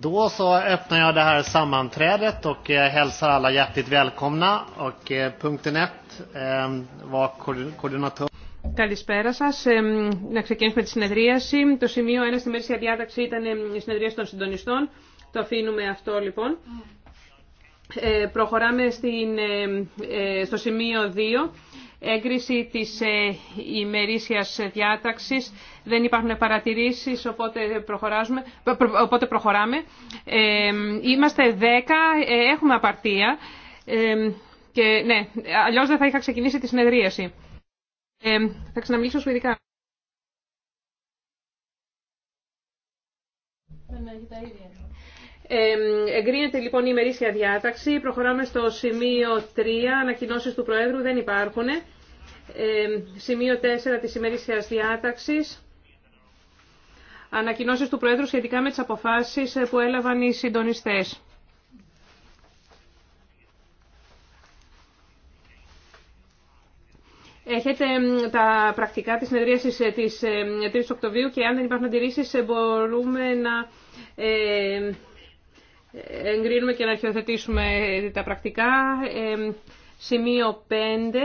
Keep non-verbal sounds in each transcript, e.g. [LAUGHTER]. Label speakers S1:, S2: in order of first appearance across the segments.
S1: det och Καλησπέρα σα. Να ξεκινήσουμε τη συνεδρίαση. Το
S2: σημείο 1 στη μέση διάταξη ήταν η συνεδρίαση των συντονιστών. Το αφήνουμε αυτό λοιπόν. Mm. Ε, προχωράμε στην, ε, στο σημείο 2 έγκριση της ε, ημερήσιας διάταξης. Δεν υπάρχουν παρατηρήσεις, οπότε, οπότε προχωράμε. Ε, είμαστε 10, ε, έχουμε απαρτία. και ναι, αλλιώς δεν θα είχα ξεκινήσει τη συνεδρίαση. θα ξαναμιλήσω σου ναι, ναι, εγκρίνεται λοιπόν η ημερήσια διάταξη. Προχωράμε στο σημείο 3. ανακοινώσει του Προέδρου δεν υπάρχουν. Ε, σημείο 4 τη ημερήσια διάταξη. Ανακοινώσει του Προέδρου σχετικά με τι αποφάσει ε, που έλαβαν οι συντονιστέ. Έχετε τα πρακτικά της συνεδρίασης ε, της 3 ε, Οκτωβρίου και αν δεν υπάρχουν αντιρρήσεις μπορούμε να εγκρίνουμε και να αρχιοθετήσουμε τα πρακτικά. Ε, σημείο 5.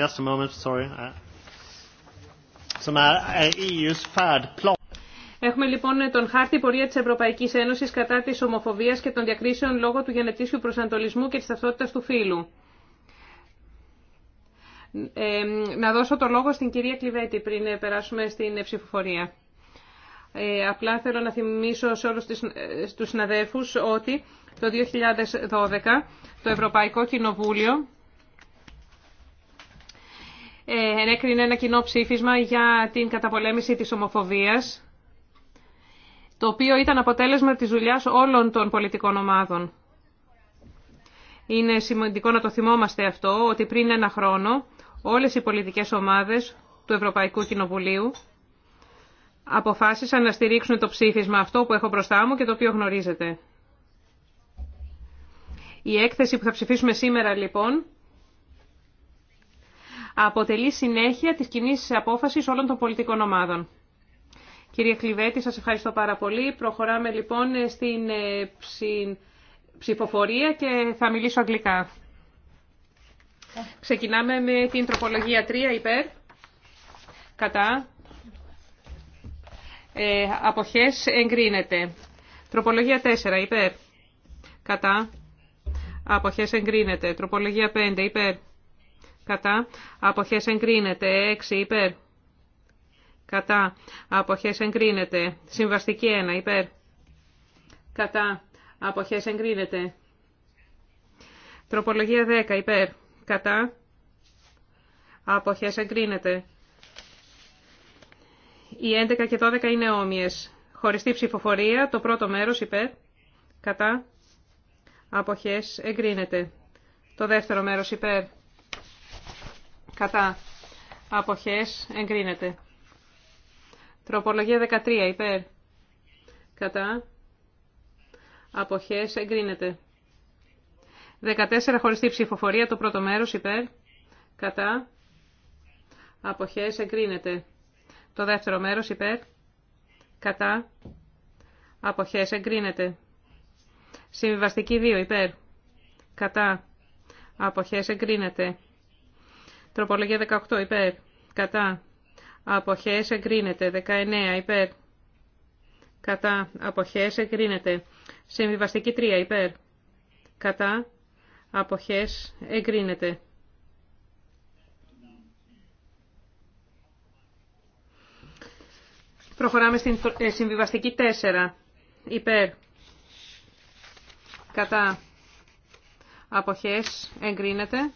S1: Just a moment, sorry. Uh, uh, uh, e
S2: Έχουμε λοιπόν τον χάρτη πορεία της Ευρωπαϊκής Ένωσης κατά της ομοφοβίας και των διακρίσεων λόγω του γενετήσιου προσανατολισμού και της ταυτότητας του φύλου να δώσω το λόγο στην κυρία Κλιβέτη πριν ε, περάσουμε στην ε, ψηφοφορία. Ε, απλά θέλω να θυμίσω σε όλους τους συναδέλφους ότι το 2012 το Ευρωπαϊκό Κοινοβούλιο ενέκρινε ένα κοινό ψήφισμα για την καταπολέμηση της ομοφοβίας, το οποίο ήταν αποτέλεσμα της δουλειάς όλων των πολιτικών ομάδων. Είναι σημαντικό να το θυμόμαστε αυτό, ότι πριν ένα χρόνο όλες οι πολιτικές ομάδες του Ευρωπαϊκού Κοινοβουλίου αποφάσισαν να στηρίξουν το ψήφισμα αυτό που έχω μπροστά μου και το οποίο γνωρίζετε. Η έκθεση που θα ψηφίσουμε σήμερα λοιπόν αποτελεί συνέχεια της κοινή απόφασης όλων των πολιτικών ομάδων. Κύριε Κλειβέτη, σας ευχαριστώ πάρα πολύ. Προχωράμε λοιπόν στην ε, ψηφοφορία και θα μιλήσω αγγλικά. Ξεκινάμε με την τροπολογία 3 υπέρ. Κατά. Ε, αποχές εγκρίνεται. Τροπολογία 4 υπέρ. Κατά. Αποχές εγκρίνεται. Τροπολογία 5 υπέρ. Κατά. Αποχές εγκρίνεται. 6 υπέρ. Κατά. Αποχές εγκρίνεται. Συμβαστική 1 υπέρ. Κατά. Αποχές εγκρίνεται. Τροπολογία 10 υπέρ κατά αποχές εγκρίνεται. Οι 11 και 12 είναι όμοιες. Χωριστή ψηφοφορία, το πρώτο μέρος υπέρ, κατά αποχές εγκρίνεται. Το δεύτερο μέρος υπέρ, κατά αποχές εγκρίνεται. Τροπολογία 13 υπέρ, κατά αποχές εγκρίνεται. 14 χωριστή ψηφοφορία, το πρώτο μέρος υπέρ, κατά, αποχές εγκρίνεται. Το δεύτερο μέρος υπέρ, κατά, αποχές εγκρίνεται. Συμβιβαστική 2 υπέρ, κατά, αποχές εγκρίνεται. Τροπολογία 18 υπέρ, κατά, αποχές εγκρίνεται. 19 υπέρ, κατά, αποχές εγκρίνεται. Συμβιβαστική 3 υπέρ, κατά, αποχές εγκρίνεται. Προχωράμε στην ε, συμβιβαστική 4. Υπέρ. Κατά. Αποχές εγκρίνεται.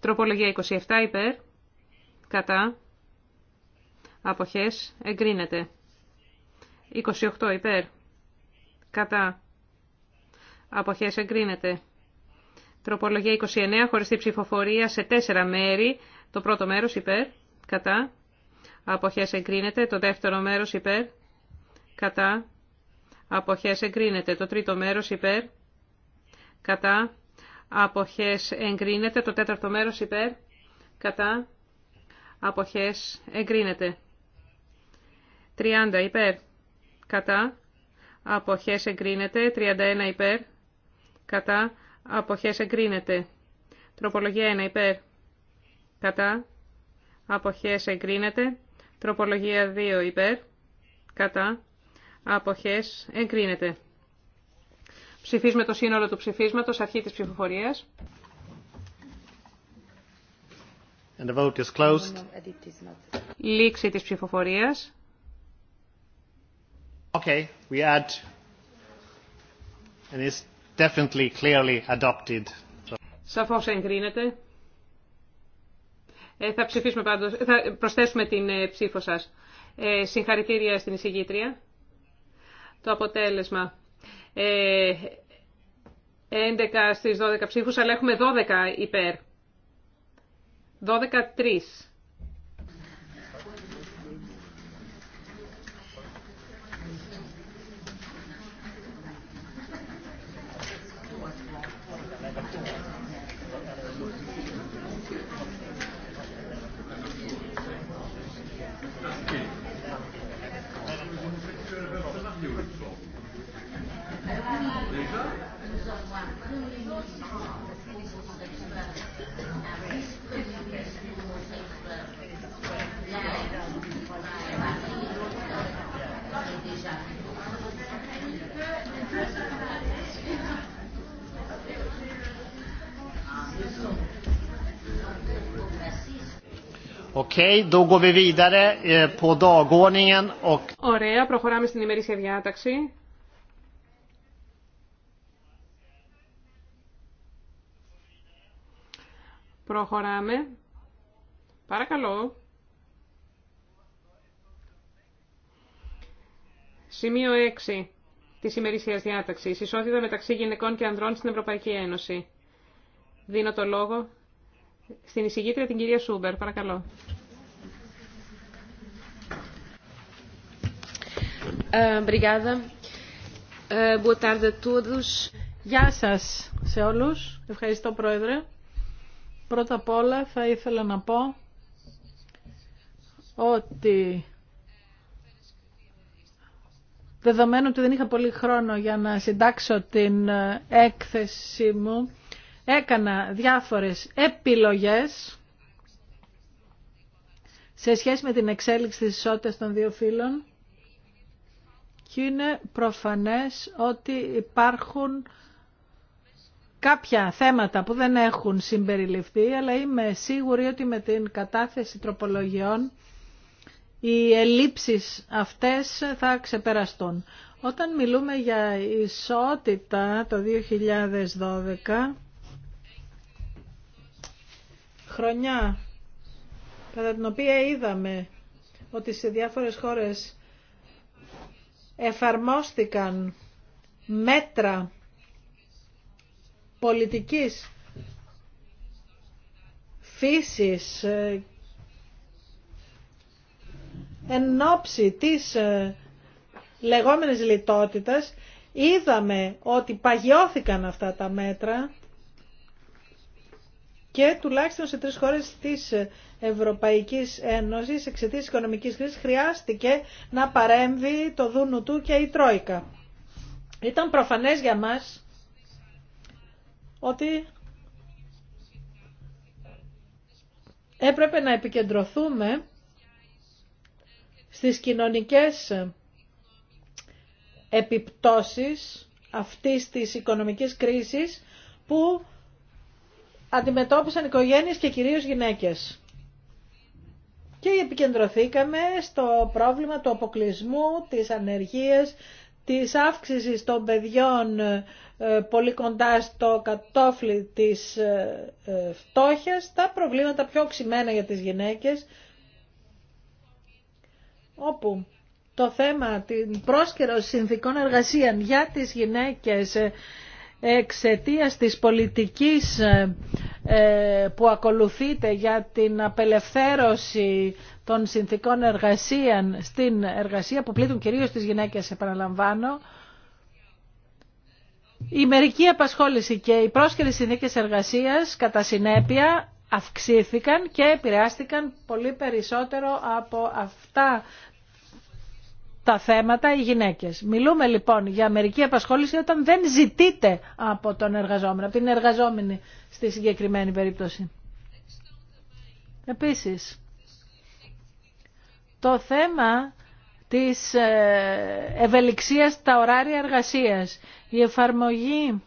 S2: Τροπολογία 27 υπέρ. Κατά. Αποχές εγκρίνεται. 28 υπέρ. Κατά. Αποχές εγκρίνεται. Τροπολογία 29, χωριστή ψηφοφορία σε τέσσερα μέρη. Το πρώτο μέρος υπέρ, κατά. Αποχές εγκρίνεται. Το δεύτερο μέρος υπέρ, κατά. Αποχές εγκρίνεται. Το τρίτο μέρος υπέρ, κατά. Αποχές εγκρίνεται. Το τέταρτο μέρος υπέρ, κατά. Αποχές εγκρίνεται. 30 υπέρ, κατά. Αποχές εγκρίνεται. 31 υπέρ, κατά, αποχές εγκρίνεται. Τροπολογία 1 υπέρ, κατά, αποχές εγκρίνεται. Τροπολογία 2 υπέρ, κατά, αποχές εγκρίνεται. Ψηφίζουμε το σύνολο του ψηφίσματος, αρχή της ψηφοφορίας.
S1: And the vote is closed.
S2: Λήξη της ψηφοφορίας.
S1: Okay, we add... And definitely
S2: Σαφώς εγκρίνεται. Ε, θα ψηφίσουμε πάντως, θα προσθέσουμε την ε, ψήφο σας. Ε, συγχαρητήρια στην εισηγήτρια. Το αποτέλεσμα. 11 ε, στις 12 ψήφους, αλλά έχουμε 12 υπέρ. 12-3.
S1: då går vi vidare eh, på dagordningen och...
S2: Ωραία, προχωράμε στην ημερήσια διάταξη. Προχωράμε. Παρακαλώ. Σημείο 6 της ημερήσιας διάταξης. Ισότητα μεταξύ γυναικών και ανδρών στην Ευρωπαϊκή Ένωση. Δίνω το λόγο στην εισηγήτρια την κυρία Σούμπερ. Παρακαλώ. Ε, ε, Γεια
S3: σας σε όλους. Ευχαριστώ Πρόεδρε. Πρώτα απ' όλα θα ήθελα να πω ότι δεδομένου ότι δεν είχα πολύ χρόνο για να συντάξω την ε, έκθεση μου, έκανα διάφορες επιλογές σε σχέση με την εξέλιξη της ισότητας των δύο φύλων και είναι προφανές ότι υπάρχουν κάποια θέματα που δεν έχουν συμπεριληφθεί, αλλά είμαι σίγουρη ότι με την κατάθεση τροπολογιών οι ελλείψεις αυτές θα ξεπεραστούν. Όταν μιλούμε για ισότητα το 2012, χρονιά κατά την οποία είδαμε ότι σε διάφορες χώρες εφαρμόστηκαν μέτρα πολιτικής φύσης ε, εν ώψη της ε, λεγόμενης λιτότητας είδαμε ότι παγιώθηκαν αυτά τα μέτρα και τουλάχιστον σε τρεις χώρες της Ευρωπαϊκής Ένωσης εξαιτίας οικονομικής κρίσης χρειάστηκε να παρέμβει το δούνου του και η Τρόικα. Ήταν προφανές για μας ότι έπρεπε να επικεντρωθούμε στις κοινωνικές επιπτώσεις αυτής της οικονομικής κρίσης που αντιμετώπισαν οικογένειες και κυρίως γυναίκες. Και επικεντρωθήκαμε στο πρόβλημα του αποκλεισμού, της ανεργίας, της αύξησης των παιδιών ε, πολύ κοντά στο κατόφλι της ε, ε, φτώχειας, τα προβλήματα πιο οξυμένα για τις γυναίκες, όπου το θέμα την πρόσκαιρος συνθήκων εργασίας για τις γυναίκες εξαιτίας της πολιτικής ε, ε, που ακολουθείται για την απελευθέρωση των συνθήκων εργασία στην εργασία που πλήττουν κυρίως τις γυναίκες επαναλαμβάνω η μερική απασχόληση και οι πρόσχερες συνθήκες εργασίας κατά συνέπεια αυξήθηκαν και επηρεάστηκαν πολύ περισσότερο από αυτά τα θέματα οι γυναίκες. Μιλούμε λοιπόν για μερική απασχόληση όταν δεν ζητείτε από τον εργαζόμενο, από την εργαζόμενη στη συγκεκριμένη περίπτωση. Επίσης, το θέμα της ε, ευελιξίας στα ωράρια εργασίας, η εφαρμογή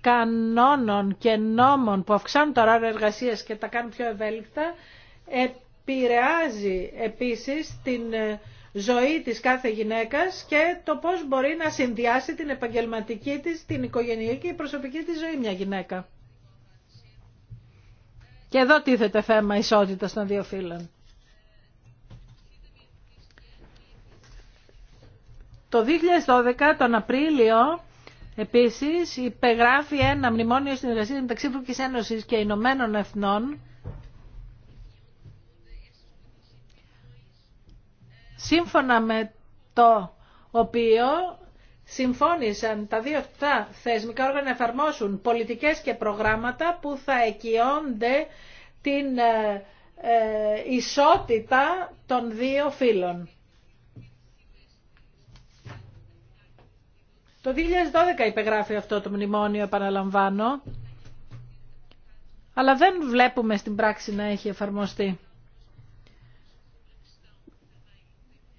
S3: κανόνων και νόμων που αυξάνουν τα ωράρια εργασίας και τα κάνουν πιο ευέλικτα, επηρεάζει επίσης την ε, ζωή της κάθε γυναίκας και το πώς μπορεί να συνδυάσει την επαγγελματική της, την οικογενειακή και η προσωπική της ζωή μια γυναίκα. Και εδώ τίθεται θέμα ισότητας των δύο φύλων. Το 2012, τον Απρίλιο, επίσης, υπεγράφει ένα μνημόνιο συνεργασία μεταξύ Ευρωπαϊκής Ένωσης και Ηνωμένων Εθνών σύμφωνα με το οποίο συμφώνησαν τα δύο αυτά θεσμικά όργανα να εφαρμόσουν πολιτικές και προγράμματα που θα εκειώνται την ε, ε, ισότητα των δύο φύλων. Το 2012 υπεγράφει αυτό το μνημόνιο, επαναλαμβάνω, αλλά δεν βλέπουμε στην πράξη να έχει εφαρμοστεί.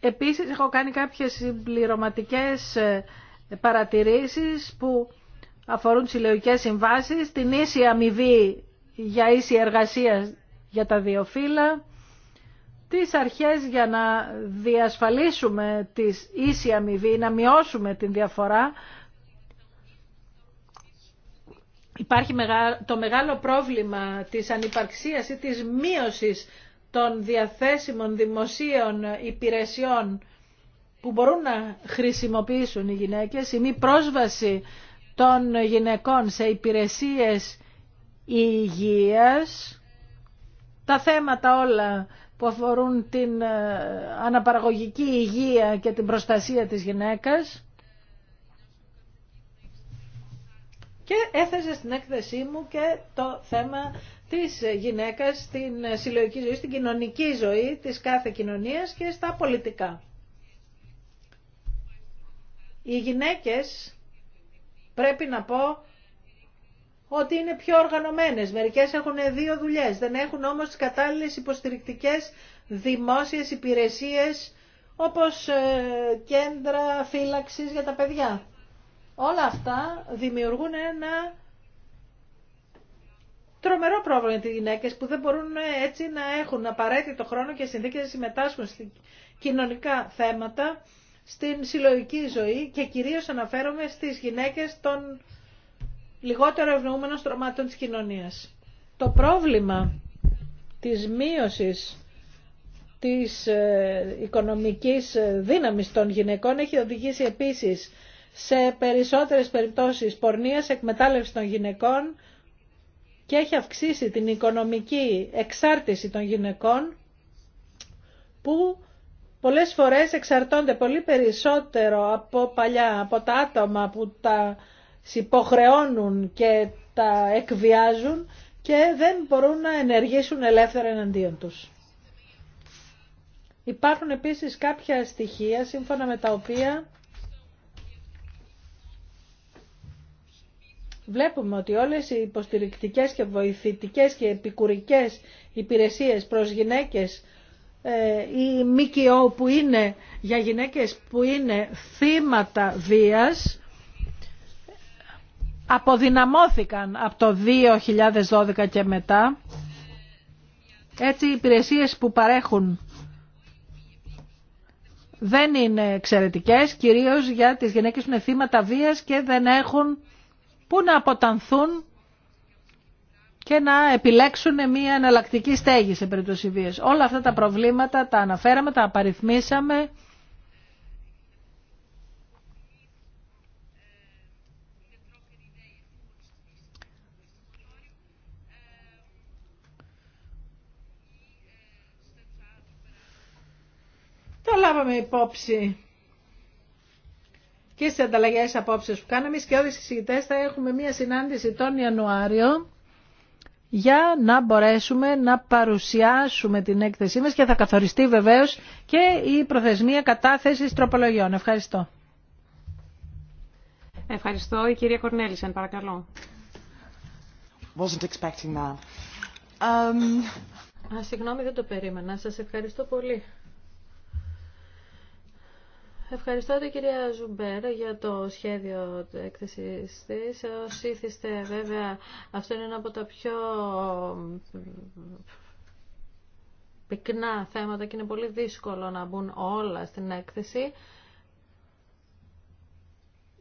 S3: Επίσης έχω κάνει κάποιες συμπληρωματικές ε, παρατηρήσεις που αφορούν τις συλλογικές συμβάσεις, την ίση αμοιβή για ίση εργασία για τα δύο φύλλα, τις αρχές για να διασφαλίσουμε τις ίση αμοιβή, να μειώσουμε την διαφορά. Υπάρχει το μεγάλο πρόβλημα της ανυπαρξίας ή της μείωσης των διαθέσιμων δημοσίων υπηρεσιών που μπορούν να χρησιμοποιήσουν οι γυναίκες, η μη πρόσβαση των γυναικών σε υπηρεσίες υγείας, τα θέματα όλα που αφορούν την ε, αναπαραγωγική υγεία και την προστασία της γυναίκας. Και έθεσε στην έκθεσή μου και το θέμα της γυναίκας στην συλλογική ζωή, στην κοινωνική ζωή της κάθε κοινωνίας και στα πολιτικά. Οι γυναίκες, πρέπει να πω, ότι είναι πιο οργανωμένες. Μερικές έχουν δύο δουλειές, δεν έχουν όμως τις κατάλληλες υποστηρικτικές δημόσιες υπηρεσίες όπως ε, κέντρα φύλαξης για τα παιδιά. Όλα αυτά δημιουργούν ένα τρομερό πρόβλημα για τι γυναίκε που δεν μπορούν ε, έτσι να έχουν απαραίτητο χρόνο και συνθήκε να συμμετάσχουν στην κοινωνικά θέματα, στην συλλογική ζωή και κυρίω αναφέρομαι στι γυναίκε των λιγότερο ευνοούμενων στρωμάτων της κοινωνίας. Το πρόβλημα της μείωσης της ε, οικονομικής ε, δύναμης των γυναικών έχει οδηγήσει επίσης σε περισσότερες περιπτώσεις πορνείας, εκμετάλλευση των γυναικών, και έχει αυξήσει την οικονομική εξάρτηση των γυναικών που πολλές φορές εξαρτώνται πολύ περισσότερο από παλιά, από τα άτομα που τα υποχρεώνουν και τα εκβιάζουν και δεν μπορούν να ενεργήσουν ελεύθερα εναντίον τους. Υπάρχουν επίσης κάποια στοιχεία σύμφωνα με τα οποία βλέπουμε ότι όλες οι υποστηρικτικές και βοηθητικές και επικουρικές υπηρεσίες προς γυναίκες ή ε, ΜΚΟ που είναι για γυναίκες που είναι θύματα βίας αποδυναμώθηκαν από το 2012 και μετά. Έτσι οι υπηρεσίες που παρέχουν δεν είναι εξαιρετικές, κυρίως για τις γυναίκες που είναι θύματα βίας και δεν έχουν που να αποτανθούν και να επιλέξουν μια εναλλακτική στέγη σε περίπτωση βίας. Όλα αυτά τα προβλήματα τα αναφέραμε, τα απαριθμίσαμε. Τα λάβαμε υπόψη και στι ανταλλαγέ απόψε που κάναμε. Και όλες οι θα έχουμε μία συνάντηση τον Ιανουάριο για να μπορέσουμε να παρουσιάσουμε την έκθεσή μας και θα καθοριστεί βεβαίως και η προθεσμία κατάθεσης τροπολογιών. Ευχαριστώ.
S2: Ευχαριστώ. Η κυρία Κορνέλησεν, παρακαλώ. Wasn't expecting that.
S3: Um...
S4: Α, συγγνώμη, δεν το περίμενα. Σας ευχαριστώ πολύ. Ευχαριστώ την κυρία Ζουμπέρ για το σχέδιο έκθεσης της. Ως ήθιστε βέβαια αυτό είναι ένα από τα πιο πυκνά θέματα και είναι πολύ δύσκολο να μπουν όλα στην έκθεση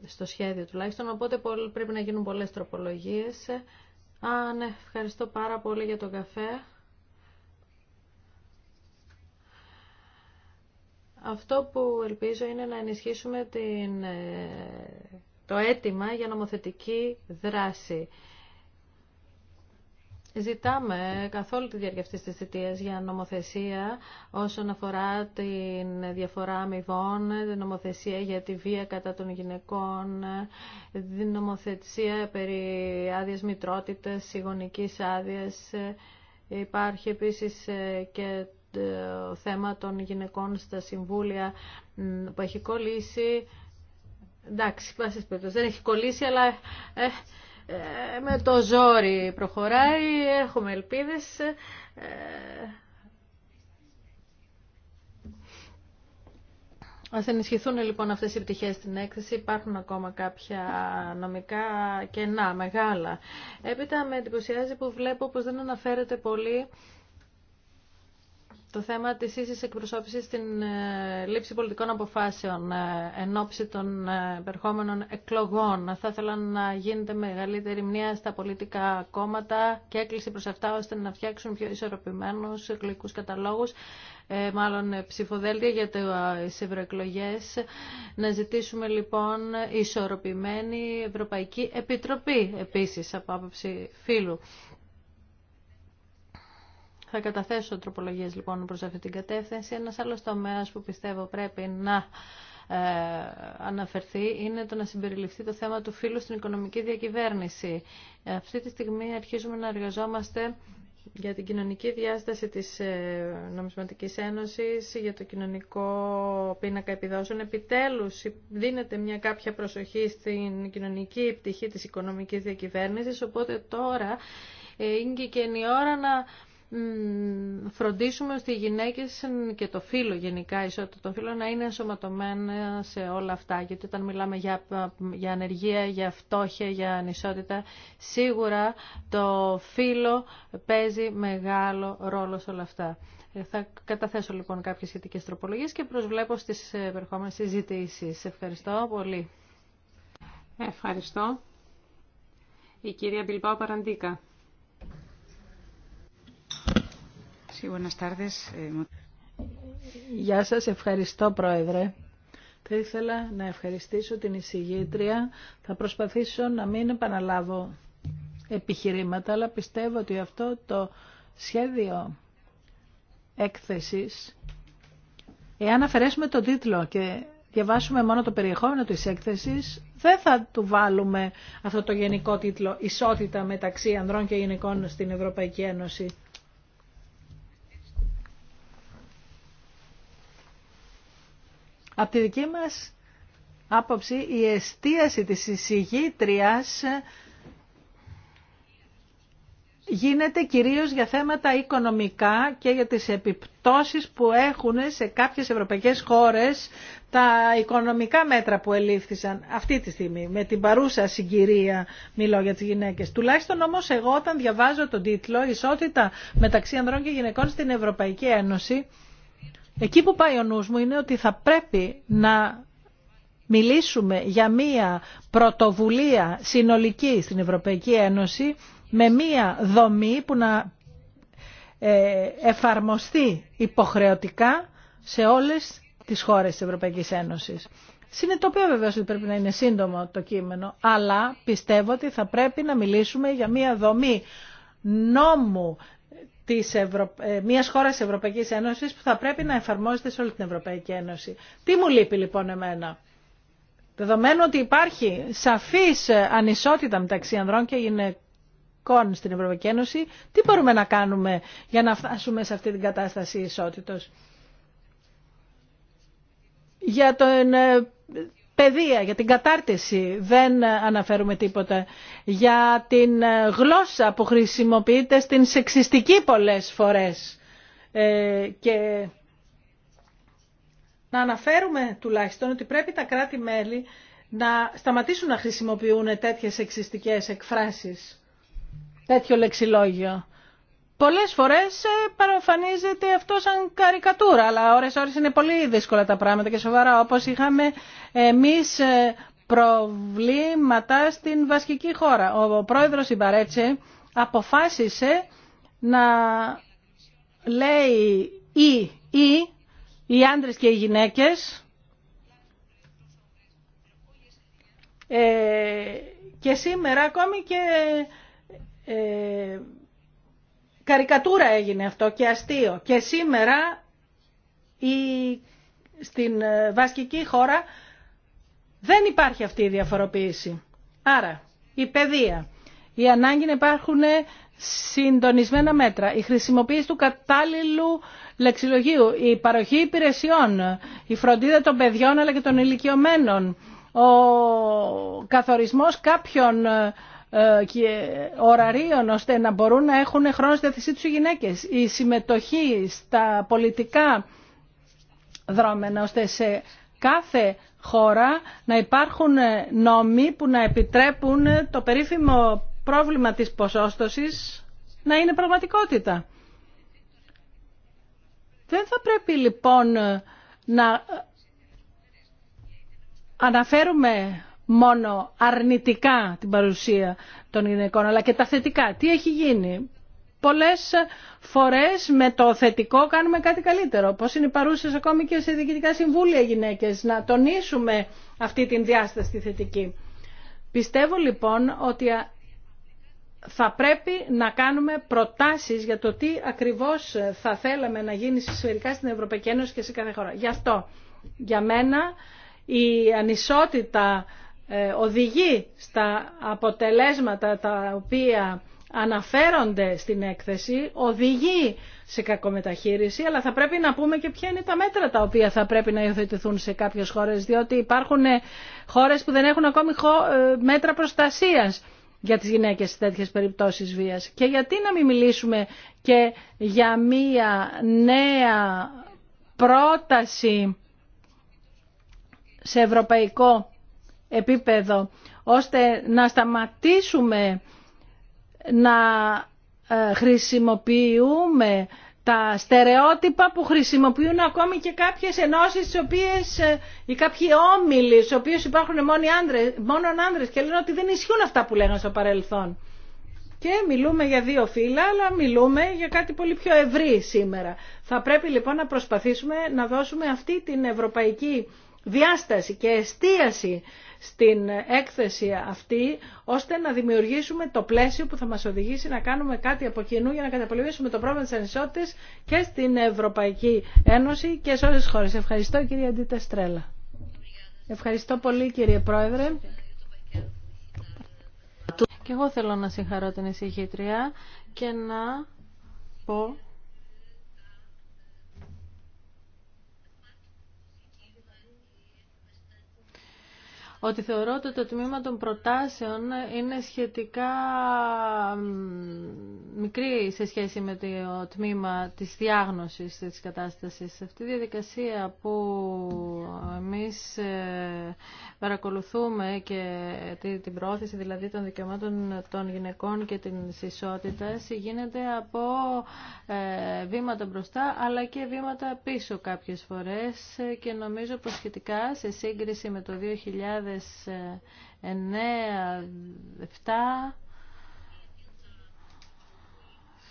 S4: στο σχέδιο τουλάχιστον, οπότε πρέπει να γίνουν πολλές τροπολογίες. Α, ναι, ευχαριστώ πάρα πολύ για τον καφέ. Αυτό που ελπίζω είναι να ενισχύσουμε την, ε, το αίτημα για νομοθετική δράση. Ζητάμε καθόλου τη διάρκεια αυτής της για νομοθεσία όσον αφορά την διαφορά αμοιβών, την νομοθεσία για τη βία κατά των γυναικών, την νομοθεσία περί άδειας μητρότητας, συγγονικής άδειας. Υπάρχει επίσης ε, και το θέμα των γυναικών στα συμβούλια που έχει κολλήσει. Εντάξει, δεν έχει κολλήσει, αλλά ε, ε, με το ζόρι προχωράει, έχουμε ελπίδες. Ε, Ας ενισχυθούν λοιπόν αυτές οι πτυχές στην έκθεση. Υπάρχουν ακόμα κάποια νομικά κενά, μεγάλα. Έπειτα με εντυπωσιάζει που βλέπω πως δεν αναφέρεται πολύ το θέμα της ίσης εκπροσώπησης στην ε, λήψη πολιτικών αποφάσεων ε, εν ώψη των ε, περχόμενων εκλογών. Θα ήθελα να γίνεται μεγαλύτερη μνήμα στα πολιτικά κόμματα και έκκληση προς αυτά ώστε να φτιάξουν πιο ισορροπημένους εκλογικούς καταλόγους, μάλλον ψηφοδέλτια για τις ευρωεκλογέ. Να ζητήσουμε λοιπόν ισορροπημένη Ευρωπαϊκή Επιτροπή επίσης από άποψη φίλου. Θα καταθέσω τροπολογίες λοιπόν προς αυτή την κατεύθυνση. Ένας άλλος τομέας που πιστεύω πρέπει να ε, αναφερθεί είναι το να συμπεριληφθεί το θέμα του φύλου στην οικονομική διακυβέρνηση. Αυτή τη στιγμή αρχίζουμε να εργαζόμαστε για την κοινωνική διάσταση της ε, Νομισματικής Ένωσης, για το κοινωνικό πίνακα επιδόσεων. Επιτέλους δίνεται μια κάποια προσοχή στην κοινωνική πτυχή της οικονομικής διακυβέρνησης, οπότε τώρα ε, είναι και η ώρα να φροντίσουμε ώστε οι γυναίκες και το φύλλο γενικά, η ισότητα των φύλων να είναι ενσωματωμένα σε όλα αυτά. Γιατί όταν μιλάμε για, για ανεργία, για φτώχεια, για ανισότητα, σίγουρα το φύλλο παίζει μεγάλο ρόλο σε όλα αυτά. Ε, θα καταθέσω λοιπόν κάποιες σχετικές τροπολογίες και προσβλέπω στις ε,
S2: επερχόμενες συζητήσεις. Ευχαριστώ πολύ. Ευχαριστώ. Η κυρία Μπιλπάου Παραντίκα. Eh,
S3: Γεια σας, ευχαριστώ Πρόεδρε. Θα ήθελα να ευχαριστήσω την εισηγήτρια. Θα προσπαθήσω να μην επαναλάβω επιχειρήματα, αλλά πιστεύω ότι αυτό το σχέδιο έκθεσης, εάν αφαιρέσουμε τον τίτλο και διαβάσουμε μόνο το περιεχόμενο της έκθεσης, δεν θα του βάλουμε αυτό το γενικό τίτλο «Ισότητα μεταξύ ανδρών και γυναικών στην Ευρωπαϊκή Ένωση». Από τη δική μας άποψη η εστίαση της εισηγήτριας γίνεται κυρίως για θέματα οικονομικά και για τις επιπτώσεις που έχουν σε κάποιες ευρωπαϊκές χώρες τα οικονομικά μέτρα που ελήφθησαν αυτή τη στιγμή με την παρούσα συγκυρία μιλώ για τις γυναίκες. Τουλάχιστον όμως εγώ όταν διαβάζω τον τίτλο «Ισότητα μεταξύ ανδρών και γυναικών στην Ευρωπαϊκή Ένωση» Εκεί που πάει ο νους μου είναι ότι θα πρέπει να μιλήσουμε για μία πρωτοβουλία συνολική στην Ευρωπαϊκή Ένωση με μία δομή που να ε, εφαρμοστεί υποχρεωτικά σε όλες τις χώρες της Ευρωπαϊκής Ένωσης. Συνειδητοποιώ βεβαίως ότι πρέπει να είναι σύντομο το κείμενο, αλλά πιστεύω ότι θα πρέπει να μιλήσουμε για μία δομή νόμου, της Ευρω... Ε, μιας χώρας της Ευρωπαϊκής Ένωσης που θα πρέπει να εφαρμόζεται σε όλη την Ευρωπαϊκή Ένωση. Τι μου λείπει λοιπόν εμένα. Δεδομένου ότι υπάρχει σαφής ανισότητα μεταξύ ανδρών και γυναικών στην Ευρωπαϊκή Ένωση, τι μπορούμε να κάνουμε για να φτάσουμε σε αυτή την κατάσταση ισότητος. Για τον ε, παιδεία, για την κατάρτιση δεν αναφέρουμε τίποτα. Για την ε, γλώσσα που χρησιμοποιείται στην σεξιστική πολλές φορές. Ε, και να αναφέρουμε τουλάχιστον ότι πρέπει τα κράτη-μέλη να σταματήσουν να χρησιμοποιούν τέτοιες σεξιστικές εκφράσεις, τέτοιο λεξιλόγιο. Πολλές φορές ε, παραφανίζεται αυτό σαν καρικατούρα, αλλά ώρες ώρες είναι πολύ δύσκολα τα πράγματα και σοβαρά, όπως είχαμε εμείς ε, προβλήματα στην βασική χώρα. Ο πρόεδρος Ιμπαρέτσε αποφάσισε να λέει ή, οι άντρες και οι γυναίκες ε, και σήμερα ακόμη και Καρικατούρα έγινε αυτό και αστείο. Και σήμερα η... στην ε, βασκική χώρα δεν υπάρχει αυτή η διαφοροποίηση. Άρα η παιδεία, η ανάγκη να υπάρχουν συντονισμένα μέτρα, η χρησιμοποίηση του κατάλληλου λεξιλογίου, η παροχή υπηρεσιών, η φροντίδα των παιδιών αλλά και των ηλικιωμένων, ο καθορισμός κάποιων ε, ε, και ωραρίων ώστε να μπορούν να έχουν χρόνο στη διάθεσή τους οι γυναίκες. Η συμμετοχή στα πολιτικά δρόμενα ώστε σε κάθε χώρα να υπάρχουν νόμοι που να επιτρέπουν το περίφημο πρόβλημα της ποσόστοσης να είναι πραγματικότητα. Δεν θα πρέπει λοιπόν να αναφέρουμε μόνο αρνητικά την παρουσία των γυναικών, αλλά και τα θετικά. Τι έχει γίνει. Πολλές φορές με το θετικό κάνουμε κάτι καλύτερο, Πώς είναι παρούσες ακόμη και σε διοικητικά συμβούλια γυναίκες, να τονίσουμε αυτή την διάσταση θετική. Πιστεύω λοιπόν ότι θα πρέπει να κάνουμε προτάσεις για το τι ακριβώς θα θέλαμε να γίνει συσφαιρικά στην Ευρωπαϊκή Ένωση και σε κάθε χώρα. Γι' αυτό, για μένα, η ανισότητα ε, οδηγεί στα αποτελέσματα τα οποία αναφέρονται στην έκθεση, οδηγεί σε κακομεταχείριση, αλλά θα πρέπει να πούμε και ποια είναι τα μέτρα τα οποία θα πρέπει να υιοθετηθούν σε κάποιες χώρες, διότι υπάρχουν ε, χώρες που δεν έχουν ακόμη ε, μέτρα προστασίας για τις γυναίκες σε τέτοιες περιπτώσεις βίας. Και γιατί να μην μιλήσουμε και για μία νέα πρόταση σε ευρωπαϊκό επίπεδο ώστε να σταματήσουμε να ε, χρησιμοποιούμε τα στερεότυπα που χρησιμοποιούν ακόμη και κάποιες ενώσεις τις οποίες, ε, ή κάποιοι όμιλοι στους οποίους υπάρχουν μόνο άνδρες, μόνον άνδρες και λένε ότι δεν ισχύουν αυτά που λέγανε στο παρελθόν. Και μιλούμε για δύο φύλλα, αλλά μιλούμε για κάτι πολύ πιο ευρύ σήμερα. Θα πρέπει λοιπόν να προσπαθήσουμε να δώσουμε αυτή την ευρωπαϊκή διάσταση και εστίαση στην έκθεση αυτή, ώστε να δημιουργήσουμε το πλαίσιο που θα μας οδηγήσει να κάνουμε κάτι από κοινού για να καταπολεμήσουμε το πρόβλημα της ανισότητας και στην Ευρωπαϊκή Ένωση και σε όλες τις χώρες. Ευχαριστώ κυρία Αντίτα Στρέλα. Ευχαριστώ πολύ κύριε Πρόεδρε.
S4: Και εγώ θέλω να συγχαρώ την εισηγήτρια και να πω ότι θεωρώ ότι το τμήμα των προτάσεων είναι σχετικά μικρή σε σχέση με το τμήμα της διάγνωσης της κατάστασης. Αυτή η διαδικασία που εμείς ε, παρακολουθούμε και την πρόθεση δηλαδή των δικαιωμάτων των γυναικών και την ισότητα γίνεται από ε, βήματα μπροστά αλλά και βήματα πίσω κάποιες φορές ε, και νομίζω πως σχετικά σε σύγκριση με το 2000 2009-2007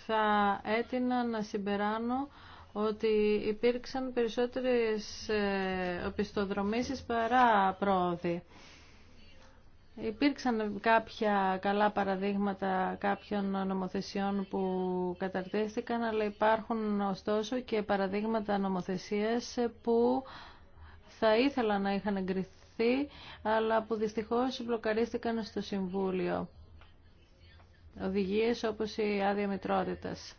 S4: θα έτεινα να συμπεράνω ότι υπήρξαν περισσότερες ε, οπισθοδρομήσεις παρά πρόοδοι. Υπήρξαν κάποια καλά παραδείγματα κάποιων νομοθεσιών που καταρτίστηκαν, αλλά υπάρχουν ωστόσο και παραδείγματα νομοθεσίας που θα ήθελα να είχαν εγκριθεί αλλά που δυστυχώς μπλοκαρίστηκαν στο Συμβούλιο. Οδηγίες όπως η άδεια μητρότητας.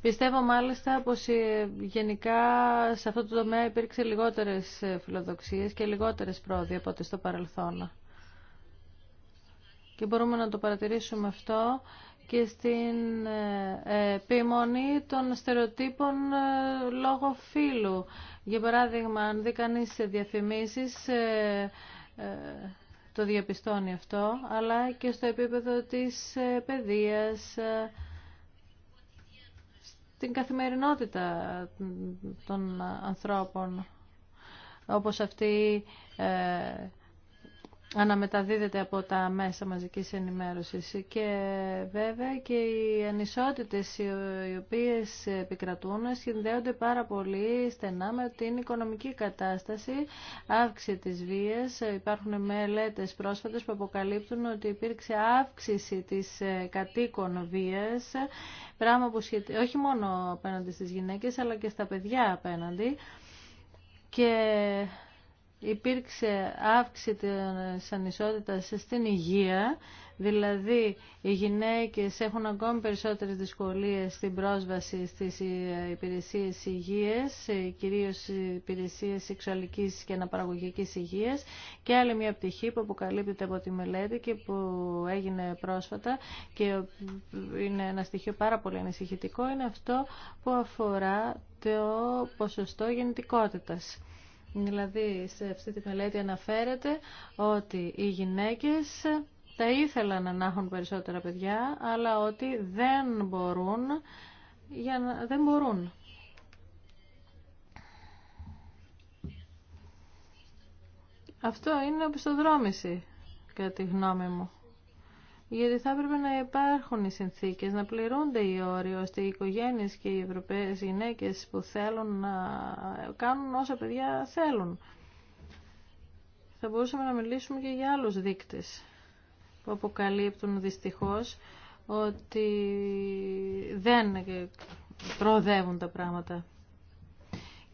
S4: Πιστεύω μάλιστα πως γενικά σε αυτό το τομέα υπήρξε λιγότερες φιλοδοξίες και λιγότερες πρόοδοι από ό,τι στο παρελθόν. Και μπορούμε να το παρατηρήσουμε αυτό και στην ε, επιμονή των στερεοτύπων ε, λόγω φύλου. Για παράδειγμα, αν δει κανείς διαφημίσεις, ε, το διαπιστώνει αυτό, αλλά και στο επίπεδο της παιδείας, στην καθημερινότητα των ανθρώπων, όπως αυτή αναμεταδίδεται από τα μέσα μαζικής ενημέρωσης και βέβαια και οι ανισότητες οι οποίες επικρατούν συνδέονται πάρα πολύ στενά με την οικονομική κατάσταση, αύξηση της βίας. Υπάρχουν μελέτες πρόσφατες που αποκαλύπτουν ότι υπήρξε αύξηση της ε, κατοίκων βίας, πράγμα που σχετί... όχι μόνο απέναντι στις γυναίκες αλλά και στα παιδιά απέναντι. Και υπήρξε αύξηση της ανισότητας στην υγεία, δηλαδή οι γυναίκες έχουν ακόμη περισσότερες δυσκολίες στην πρόσβαση στις ε, υπηρεσίες υγείας, ε, κυρίως υπηρεσίες σεξουαλικής και αναπαραγωγικής υγείας και άλλη μια πτυχή που αποκαλύπτεται από τη μελέτη και που έγινε πρόσφατα και είναι ένα στοιχείο πάρα πολύ ανησυχητικό, είναι αυτό που αφορά το ποσοστό γεννητικότητας. Δηλαδή, σε αυτή τη μελέτη αναφέρεται ότι οι γυναίκες τα ήθελαν να έχουν περισσότερα παιδιά, αλλά ότι δεν μπορούν, για να, δεν μπορούν. Αυτό είναι οπισθοδρόμηση, κατά τη γνώμη μου γιατί θα έπρεπε να υπάρχουν οι συνθήκες, να πληρούνται οι όροι, ώστε οι οικογένειες και οι ευρωπαίες γυναίκες που θέλουν να κάνουν όσα παιδιά θέλουν. Θα μπορούσαμε να μιλήσουμε και για άλλους δείκτες που αποκαλύπτουν δυστυχώς ότι δεν προοδεύουν τα πράγματα.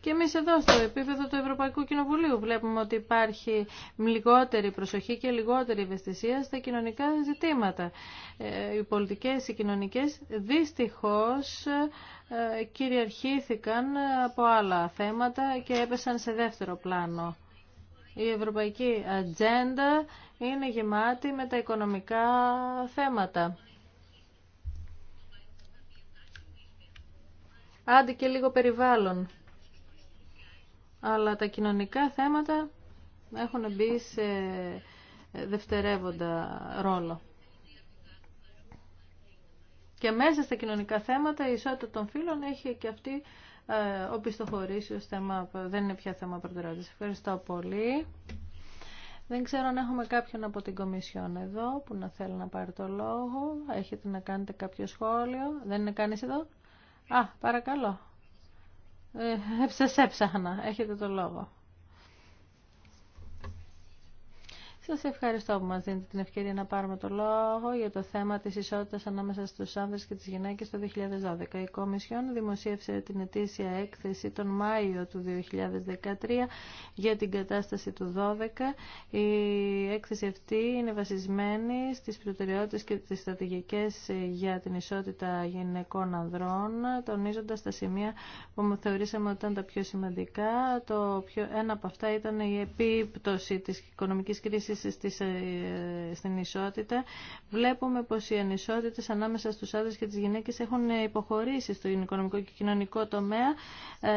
S4: Και εμείς εδώ στο επίπεδο του Ευρωπαϊκού Κοινοβουλίου βλέπουμε ότι υπάρχει λιγότερη προσοχή και λιγότερη ευαισθησία στα κοινωνικά ζητήματα. Ε, οι πολιτικές, οι κοινωνικές δυστυχώς ε, κυριαρχήθηκαν από άλλα θέματα και έπεσαν σε δεύτερο πλάνο. Η ευρωπαϊκή ατζέντα είναι γεμάτη με τα οικονομικά θέματα. Άντε και λίγο περιβάλλον αλλά τα κοινωνικά θέματα έχουν μπει σε δευτερεύοντα ρόλο. Και μέσα στα κοινωνικά θέματα η ισότητα των φίλων έχει και αυτή ο ε, οπισθοχωρήσει ως θέμα, δεν είναι πια θέμα προτεραιότητας. Ευχαριστώ πολύ. Δεν ξέρω αν έχουμε κάποιον από την Κομισιόν εδώ που να θέλει να πάρει το λόγο. Έχετε να κάνετε κάποιο σχόλιο. Δεν είναι κανείς εδώ. Α, παρακαλώ. Ε, σας έψαχνα. Έχετε το λόγο. Σας ευχαριστώ που μας δίνετε την ευκαιρία να πάρουμε το λόγο για το θέμα της ισότητας ανάμεσα στους άνδρες και τις γυναίκες το 2012. Η Κομισιόν δημοσίευσε την ετήσια έκθεση τον Μάιο του 2013 για την κατάσταση του 2012. Η έκθεση αυτή είναι βασισμένη στις προτεραιότητες και τις στρατηγικές για την ισότητα γυναικών ανδρών, τονίζοντας τα σημεία που θεωρήσαμε ότι ήταν τα πιο σημαντικά. Το πιο... Ένα από αυτά ήταν η επίπτωση της οικονομικής κρίσης ε, στην ισότητα, βλέπουμε πως οι ανισότητες ανάμεσα στους άντρες και τις γυναίκες έχουν ε, υποχωρήσει στο οικονομικό και κοινωνικό τομέα, ε,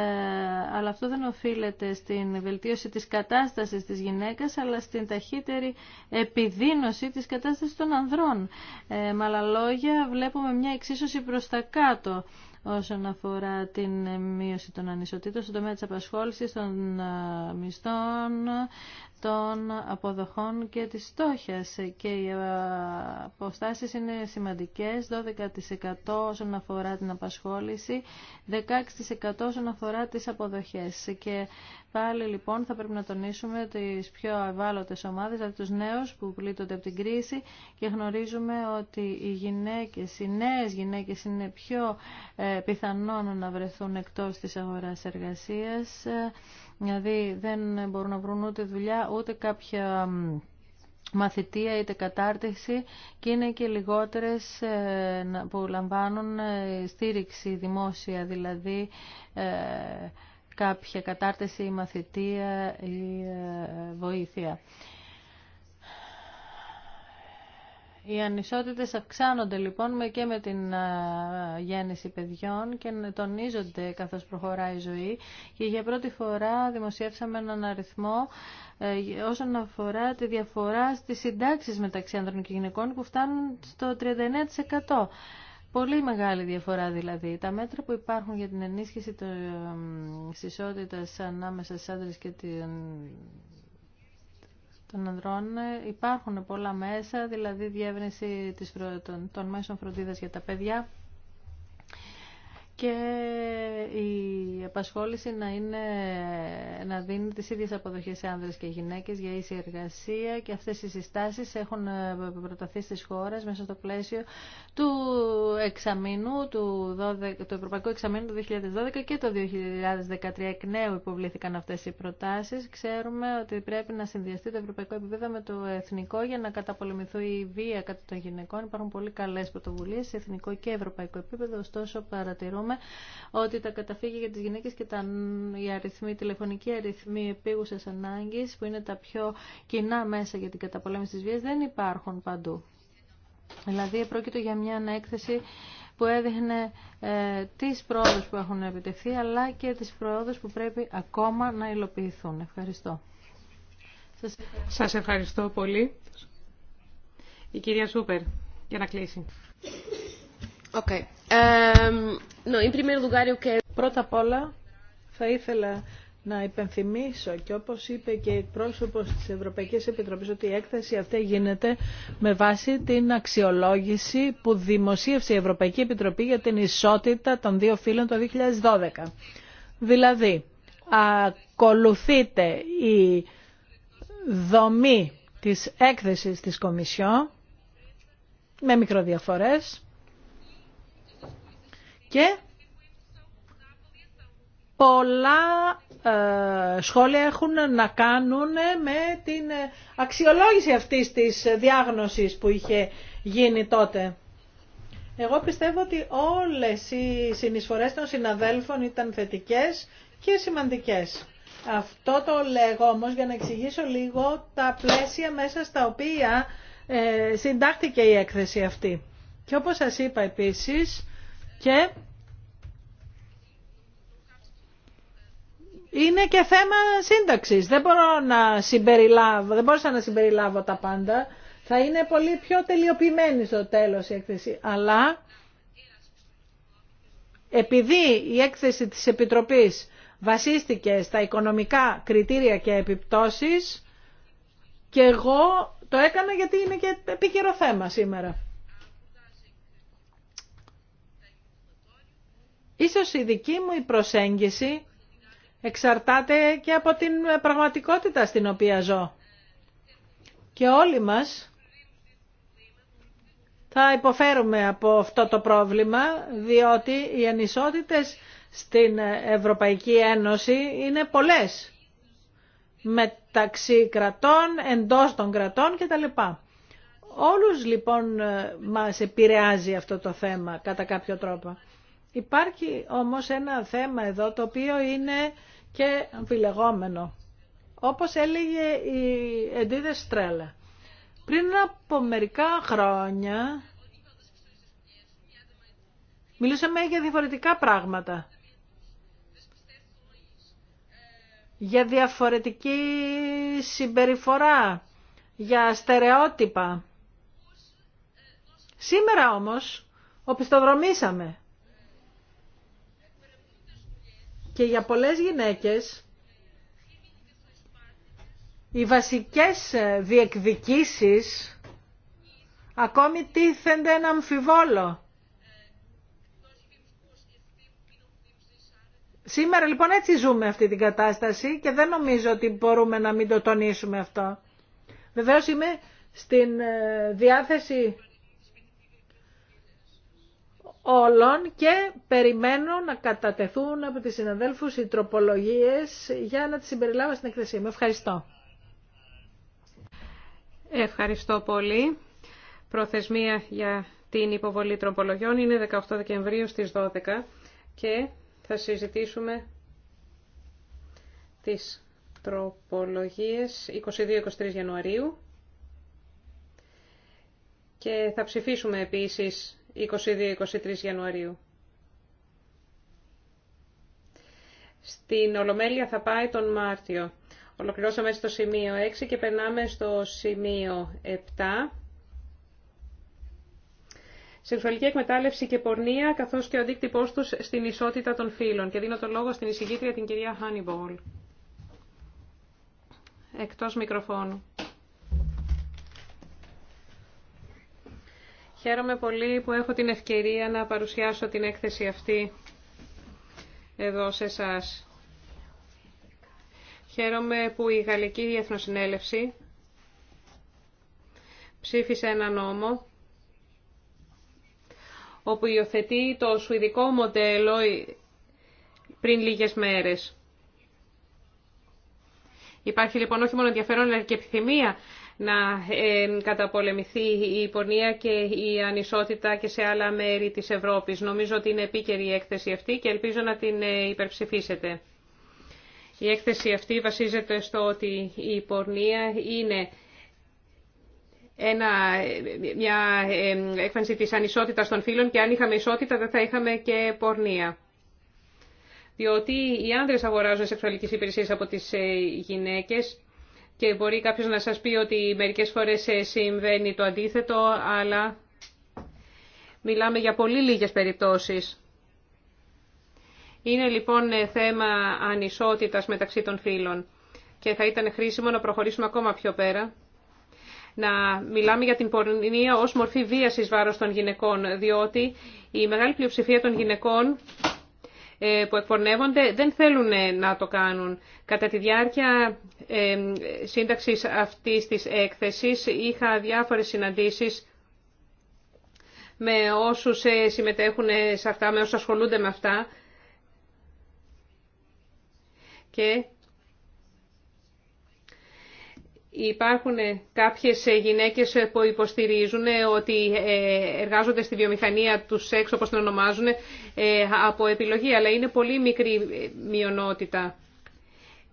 S4: αλλά αυτό δεν οφείλεται στην βελτίωση της κατάστασης της γυναίκας, αλλά στην ταχύτερη επιδείνωση της κατάστασης των ανδρών. με άλλα λόγια, βλέπουμε μια εξίσωση προς τα κάτω όσον αφορά την μείωση των ανισοτήτων στον τομέα της απασχόλησης, των μισθών, των αποδοχών και της στόχιας και οι ε, αποστάσεις είναι σημαντικές 12% όσον αφορά την απασχόληση 16% όσον αφορά τις αποδοχές και πάλι λοιπόν θα πρέπει να τονίσουμε τις πιο ευάλωτες ομάδες δηλαδή τους νέους που πλήττονται από την κρίση και γνωρίζουμε ότι οι γυναίκες, οι νέες γυναίκες είναι πιο ε, πιθανόν να βρεθούν εκτός της αγοράς εργασίας Δηλαδή δεν μπορούν να βρουν ούτε δουλειά ούτε κάποια μαθητεία είτε κατάρτιση και είναι και λιγότερες ε, που λαμβάνουν ε, στήριξη δημόσια, δηλαδή ε, κάποια κατάρτιση ή μαθητεία ή βοήθεια. Οι ανισότητες αυξάνονται λοιπόν και με την γέννηση παιδιών και τονίζονται καθώς προχωράει η ζωή και για πρώτη φορά δημοσιεύσαμε έναν αριθμό ε, όσον αφορά τη διαφορά στις συντάξεις μεταξύ ανδρών και γυναικών που φτάνουν στο 39%. Πολύ μεγάλη διαφορά δηλαδή. Τα μέτρα που υπάρχουν για την ενίσχυση της ε, ισότητας ανάμεσα στις άντρες και την των ανδρών υπάρχουν πολλά μέσα, δηλαδή διεύρυνση των μέσων φροντίδας για τα παιδιά και η απασχόληση να, είναι, να δίνει τις ίδιες αποδοχές σε άνδρες και γυναίκες για ίση εργασία και αυτές οι συστάσεις έχουν ε, προταθεί στις χώρες μέσα στο πλαίσιο του εξαμήνου, του, 12, του Ευρωπαϊκού Εξαμήνου του 2012 και το 2013 εκ νέου υποβλήθηκαν αυτές οι προτάσεις. Ξέρουμε ότι πρέπει να συνδυαστεί το ευρωπαϊκό επίπεδο με το εθνικό για να καταπολεμηθεί η βία κατά των γυναικών. Υπάρχουν πολύ καλές πρωτοβουλίες σε εθνικό και ευρωπαϊκό επίπεδο, ωστόσο παρατηρούμε ότι τα καταφύγια για τις γυναίκες και τα οι αριθμοί, τηλεφωνικοί αριθμοί επίγουσας ανάγκης που είναι τα πιο κοινά μέσα για την καταπολέμηση της βίας δεν υπάρχουν παντού. Δηλαδή πρόκειται για μια ανέκθεση που έδειχνε ε, τις που έχουν επιτευχθεί αλλά και τις πρόοδες που πρέπει ακόμα να υλοποιηθούν. Ευχαριστώ.
S2: Σας ευχαριστώ, Σας ευχαριστώ πολύ. Η κυρία Σούπερ για να κλείσει. Πρώτα απ'
S3: όλα θα ήθελα να υπενθυμίσω και όπως είπε και η πρόσωπος της Ευρωπαϊκής Επιτροπής ότι η έκθεση αυτή γίνεται με βάση την αξιολόγηση που δημοσίευσε η Ευρωπαϊκή Επιτροπή για την ισότητα των δύο φύλων το 2012. Δηλαδή, ακολουθείται η δομή της έκθεσης της Κομισιό με μικροδιαφορές και πολλά ε, σχόλια έχουν να κάνουν με την αξιολόγηση αυτής της διάγνωσης που είχε γίνει τότε. Εγώ πιστεύω ότι όλες οι συνεισφορές των συναδέλφων ήταν θετικές και σημαντικές. Αυτό το λέγω όμως για να εξηγήσω λίγο τα πλαίσια μέσα στα οποία ε, συντάχθηκε η έκθεση αυτή. Και όπως σας είπα επίσης, και είναι και θέμα σύνταξης. Δεν, μπορώ να συμπεριλάβω, δεν μπορούσα να συμπεριλάβω τα πάντα. Θα είναι πολύ πιο τελειοποιημένη στο τέλος η έκθεση. Αλλά επειδή η έκθεση της Επιτροπής βασίστηκε στα οικονομικά κριτήρια και επιπτώσεις και εγώ το έκανα γιατί είναι και επίκαιρο θέμα σήμερα. Ίσως η δική μου η προσέγγιση εξαρτάται και από την πραγματικότητα στην οποία ζω. Και όλοι μας θα υποφέρουμε από αυτό το πρόβλημα, διότι οι ανισότητες στην Ευρωπαϊκή Ένωση είναι πολλές μεταξύ κρατών, εντός των κρατών κτλ. Όλους λοιπόν μας επηρεάζει αυτό το θέμα κατά κάποιο τρόπο. Υπάρχει όμως ένα θέμα εδώ το οποίο είναι και αμφιλεγόμενο. Όπως έλεγε η Εντίδε Στρέλα. Πριν από μερικά χρόνια μιλούσαμε για διαφορετικά πράγματα. Για διαφορετική συμπεριφορά, για στερεότυπα. Σήμερα όμως οπισθοδρομήσαμε Και για πολλές γυναίκες οι βασικές διεκδικήσεις ακόμη τίθενται ένα αμφιβόλο. Σήμερα λοιπόν έτσι ζούμε αυτή την κατάσταση και δεν νομίζω ότι μπορούμε να μην το τονίσουμε αυτό. Βεβαίως είμαι στην ε, διάθεση όλων και περιμένω να κατατεθούν από τις συναδέλφους οι τροπολογίες για να τις συμπεριλάβω στην εκθεσία μου. Ευχαριστώ.
S2: Ευχαριστώ πολύ. Προθεσμία για την υποβολή τροπολογιών είναι 18 Δεκεμβρίου στις 12 και θα συζητήσουμε τις τροπολογίες 22-23 Ιανουαρίου και θα ψηφίσουμε επίσης 22-23 Ιανουαρίου. Στην Ολομέλεια θα πάει τον Μάρτιο. Ολοκληρώσαμε στο σημείο 6 και περνάμε στο σημείο 7. Σεξουαλική εκμετάλλευση και πορνεία, καθώς και ο αντίκτυπός τους στην ισότητα των φίλων Και δίνω το λόγο στην εισηγήτρια την κυρία Χάνιμπολ. Εκτός μικροφώνου. Χαίρομαι πολύ που έχω την ευκαιρία να παρουσιάσω την έκθεση αυτή εδώ σε σας. Χαίρομαι που η Γαλλική Διεθνοσυνέλευση ψήφισε ένα νόμο όπου υιοθετεί το σουηδικό μοντέλο πριν λίγες μέρες. Υπάρχει λοιπόν όχι μόνο ενδιαφέρον αλλά και επιθυμία να ε, καταπολεμηθεί η πορνεία και η ανισότητα και σε άλλα μέρη της Ευρώπης. Νομίζω ότι είναι επίκαιρη η έκθεση αυτή και ελπίζω να την ε, υπερψηφίσετε. Η έκθεση αυτή βασίζεται στο ότι η πορνεία είναι ένα, μια ε, έκφανση της ανισότητας των φύλων και αν είχαμε ισότητα δεν θα είχαμε και πορνεία. Διότι οι άνδρες αγοράζουν σεξουαλικές υπηρεσίες από τις γυναίκες και μπορεί κάποιος να σας πει ότι μερικές φορές ε, συμβαίνει το αντίθετο, αλλά μιλάμε για πολύ λίγες περιπτώσεις. Είναι λοιπόν ε, θέμα ανισότητας μεταξύ των φύλων και θα ήταν χρήσιμο να προχωρήσουμε ακόμα πιο πέρα. Να μιλάμε για την πορνεία ως μορφή βίασης βάρος των γυναικών, διότι η μεγάλη πλειοψηφία των γυναικών ε, που εκπορνεύονται δεν θέλουν ε, να το κάνουν. Κατά τη διάρκεια ε, σύνταξης αυτής της έκθεσης είχα διάφορες συναντήσεις με όσους συμμετέχουν σε αυτά, με όσους ασχολούνται με αυτά και Υπάρχουν κάποιες γυναίκες που υποστηρίζουν ότι ε, εργάζονται στη βιομηχανία του σεξ, όπως την ονομάζουν, ε, από επιλογή, αλλά είναι πολύ μικρή μειονότητα.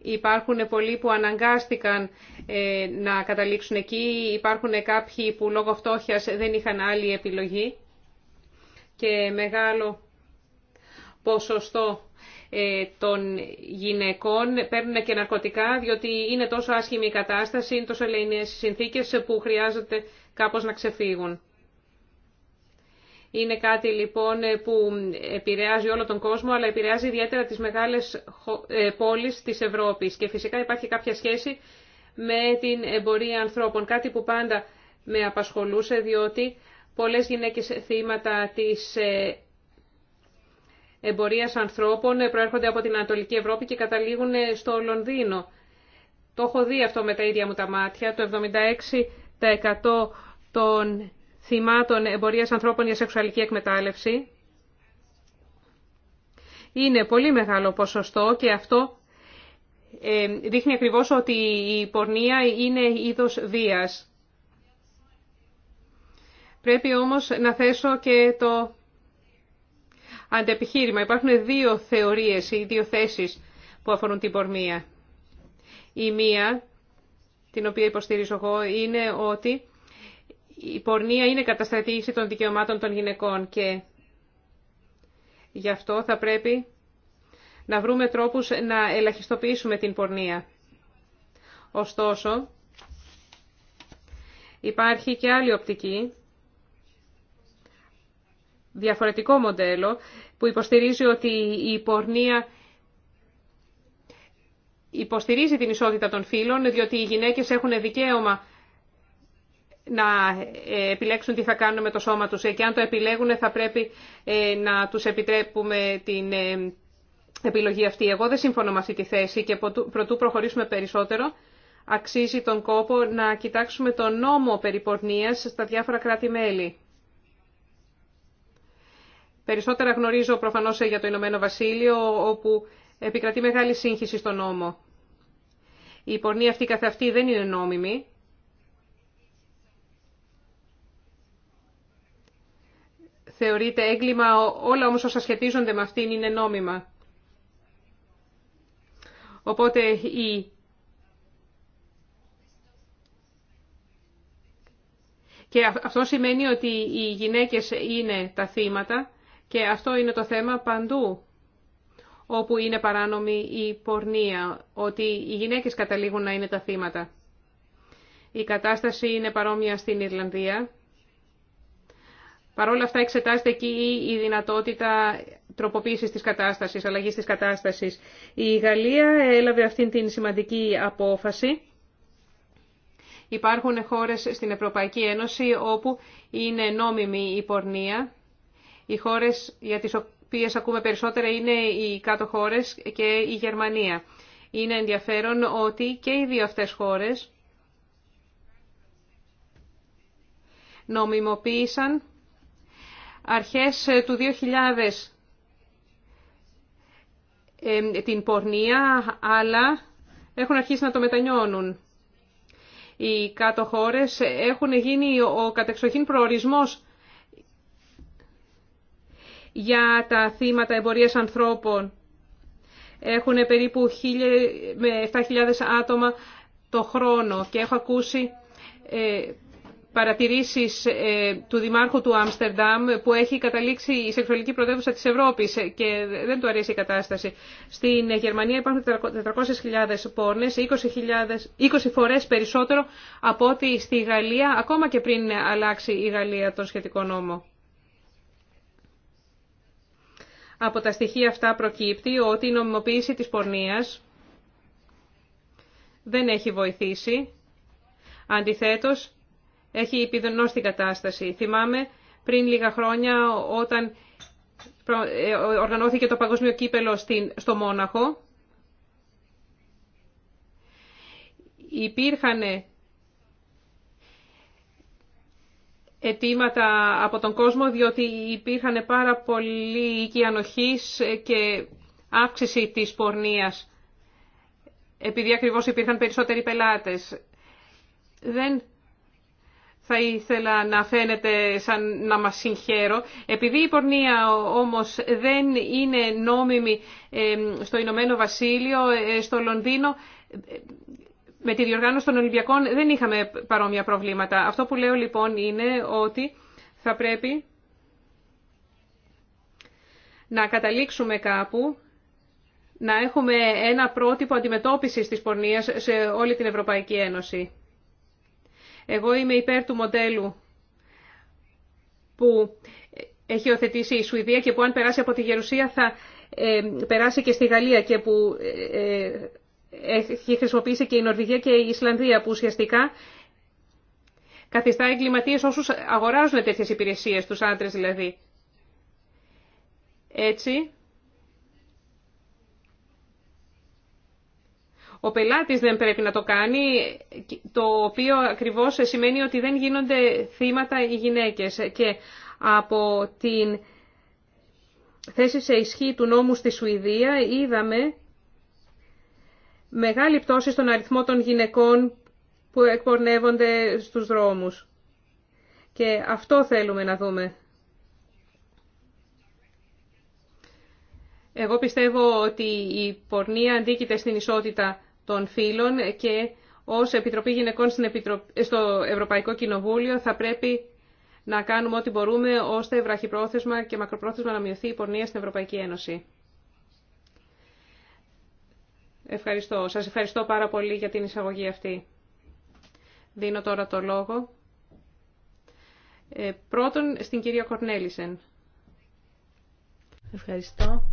S2: Υπάρχουν πολλοί που αναγκάστηκαν ε, να καταλήξουν εκεί, υπάρχουν κάποιοι που λόγω φτώχειας δεν είχαν άλλη επιλογή και μεγάλο ποσοστό ε, των γυναικών παίρνουν και ναρκωτικά διότι είναι τόσο άσχημη η κατάσταση, είναι τόσο ελεηνές οι συνθήκες που χρειάζεται κάπως να ξεφύγουν. Είναι κάτι λοιπόν που επηρεάζει όλο τον κόσμο, αλλά επηρεάζει ιδιαίτερα τις μεγάλες ε, πόλεις της Ευρώπης. Και φυσικά υπάρχει κάποια σχέση με την εμπορία ανθρώπων, κάτι που πάντα με απασχολούσε, διότι πολλές γυναίκες θύματα της ε, Εμπορία ανθρώπων ε, προέρχονται από την Ανατολική Ευρώπη και καταλήγουν ε, στο Λονδίνο. Το έχω δει αυτό με τα ίδια μου τα μάτια. Το 76% των θυμάτων εμπορίας ανθρώπων για σεξουαλική εκμετάλλευση είναι πολύ μεγάλο ποσοστό και αυτό ε, δείχνει ακριβώς ότι η πορνεία είναι είδος βίας. Πρέπει όμως να θέσω και το αντεπιχείρημα. Υπάρχουν δύο θεωρίες ή δύο θέσεις που αφορούν την πορνεία. Η μία, την οποία υποστηρίζω εγώ, είναι ότι η πορνεία είναι καταστρατήγηση των δικαιωμάτων των γυναικών και γι' αυτό θα πρέπει να βρούμε τρόπους να ελαχιστοποιήσουμε την πορνεία. Ωστόσο, υπάρχει και άλλη οπτική διαφορετικό μοντέλο που υποστηρίζει ότι η πορνεία υποστηρίζει την ισότητα των φύλων, διότι οι γυναίκες έχουν δικαίωμα να ε, επιλέξουν τι θα κάνουν με το σώμα τους. Ε, και αν το επιλέγουν θα πρέπει ε, να τους επιτρέπουμε την επιλογή αυτή. Εγώ δεν συμφωνώ με αυτή τη θέση και προτού προχωρήσουμε περισσότερο, αξίζει τον κόπο να κοιτάξουμε τον νόμο περί πορνείας στα διάφορα κράτη-μέλη. Περισσότερα γνωρίζω προφανώς ε, για το Ηνωμένο Βασίλειο, όπου επικρατεί μεγάλη σύγχυση στον νόμο. Η πορνή αυτή καθεαυτή δεν είναι νόμιμη. Θεωρείται έγκλημα, όλα όμως όσα σχετίζονται με αυτήν είναι νόμιμα. Οπότε η Και αυτό σημαίνει ότι οι γυναίκες είναι τα θύματα και αυτό είναι το θέμα παντού όπου είναι παράνομη η πορνεία, ότι οι γυναίκες καταλήγουν να είναι τα θύματα. Η κατάσταση είναι παρόμοια στην Ιρλανδία. Παρ' όλα αυτά εξετάζεται εκεί η δυνατότητα τροποποίησης της κατάστασης, αλλαγής της κατάστασης. Η Γαλλία έλαβε αυτήν την σημαντική απόφαση. Υπάρχουν χώρες στην Ευρωπαϊκή Ένωση όπου είναι νόμιμη η πορνεία οι χώρες για τις οποίες ακούμε περισσότερα είναι οι κάτω χώρες και η Γερμανία. Είναι ενδιαφέρον ότι και οι δύο αυτές χώρες νομιμοποίησαν αρχές του 2000 ε, την πορνεία, αλλά έχουν αρχίσει να το μετανιώνουν. Οι κάτω χώρες έχουν γίνει ο κατεξοχήν προορισμός για τα θύματα εμπορίας ανθρώπων. Έχουν περίπου 7.000 άτομα το χρόνο και έχω ακούσει ε, παρατηρήσεις ε, του Δημάρχου του Άμστερνταμ που έχει καταλήξει η σεξουαλική πρωτεύουσα της Ευρώπης ε, και δεν του αρέσει η κατάσταση. Στην Γερμανία υπάρχουν 400.000 πόρνες, 20, 20 φορές περισσότερο από ό,τι στη Γαλλία, ακόμα και πριν αλλάξει η Γαλλία τον σχετικό νόμο. Από τα στοιχεία αυτά προκύπτει ότι η νομιμοποίηση της πορνείας δεν έχει βοηθήσει. Αντιθέτως, έχει επιδονώσει την κατάσταση. Θυμάμαι πριν λίγα χρόνια όταν ε, οργανώθηκε το παγκόσμιο κύπελο στο Μόναχο, υπήρχαν αιτήματα από τον κόσμο, διότι υπήρχαν πάρα πολλοί οίκοι και αύξηση της πορνείας, επειδή ακριβώς υπήρχαν περισσότεροι πελάτες. Δεν θα ήθελα να φαίνεται σαν να μας συγχαίρω. Επειδή η πορνεία όμως δεν είναι νόμιμη ε, στο Ηνωμένο Βασίλειο, ε, στο Λονδίνο με τη διοργάνωση των Ολυμπιακών δεν είχαμε παρόμοια προβλήματα. Αυτό που λέω λοιπόν είναι ότι θα πρέπει να καταλήξουμε κάπου να έχουμε ένα πρότυπο αντιμετώπισης της πορνείας σε όλη την Ευρωπαϊκή Ένωση. Εγώ είμαι υπέρ του μοντέλου που έχει οθετήσει η Σουηδία και που αν περάσει από τη Γερουσία θα ε, περάσει και στη Γαλλία και που ε, ε, έχει χρησιμοποιήσει και η Νορβηγία και η Ισλανδία που ουσιαστικά καθιστά εγκληματίε όσους αγοράζουν τέτοιε υπηρεσίες, του άντρε, δηλαδή. Έτσι, ο πελάτης δεν πρέπει να το κάνει, το οποίο ακριβώς σημαίνει ότι δεν γίνονται θύματα οι γυναίκε. Και από την θέση σε ισχύ του νόμου στη Σουηδία είδαμε μεγάλη πτώση στον αριθμό των γυναικών που εκπορνεύονται στους δρόμους. Και αυτό θέλουμε να δούμε. Εγώ πιστεύω ότι η πορνεία αντίκειται στην ισότητα των φύλων και ως Επιτροπή Γυναικών στο Ευρωπαϊκό Κοινοβούλιο θα πρέπει να κάνουμε ό,τι μπορούμε ώστε βραχυπρόθεσμα και μακροπρόθεσμα να μειωθεί η πορνεία στην Ευρωπαϊκή Ένωση. Ευχαριστώ. Σας ευχαριστώ πάρα πολύ για την εισαγωγή αυτή. Δίνω τώρα το λόγο. Ε, πρώτον, στην κυρία Κορνέλισεν.
S3: Ευχαριστώ.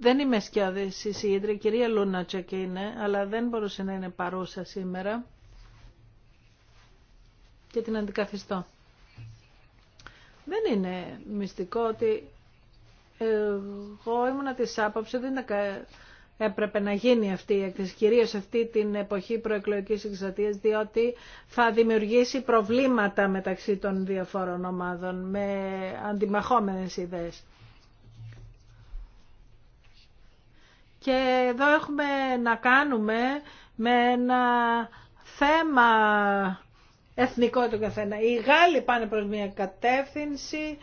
S3: Δεν είμαι σκιάδης η η κυρία Λούνατσεκ είναι, αλλά δεν μπορούσε να είναι παρούσα σήμερα και την αντικαθιστώ. Δεν είναι μυστικό ότι εγώ ήμουνα τη άποψη ότι έπρεπε να γίνει αυτή η έκθεση, κυρίω αυτή την εποχή προεκλογικής εξαρτία, διότι θα δημιουργήσει προβλήματα μεταξύ των διαφόρων ομάδων με αντιμαχόμενες ιδέες. Και εδώ έχουμε να κάνουμε με ένα θέμα εθνικό του καθένα. Οι Γάλλοι πάνε προς μια κατεύθυνση,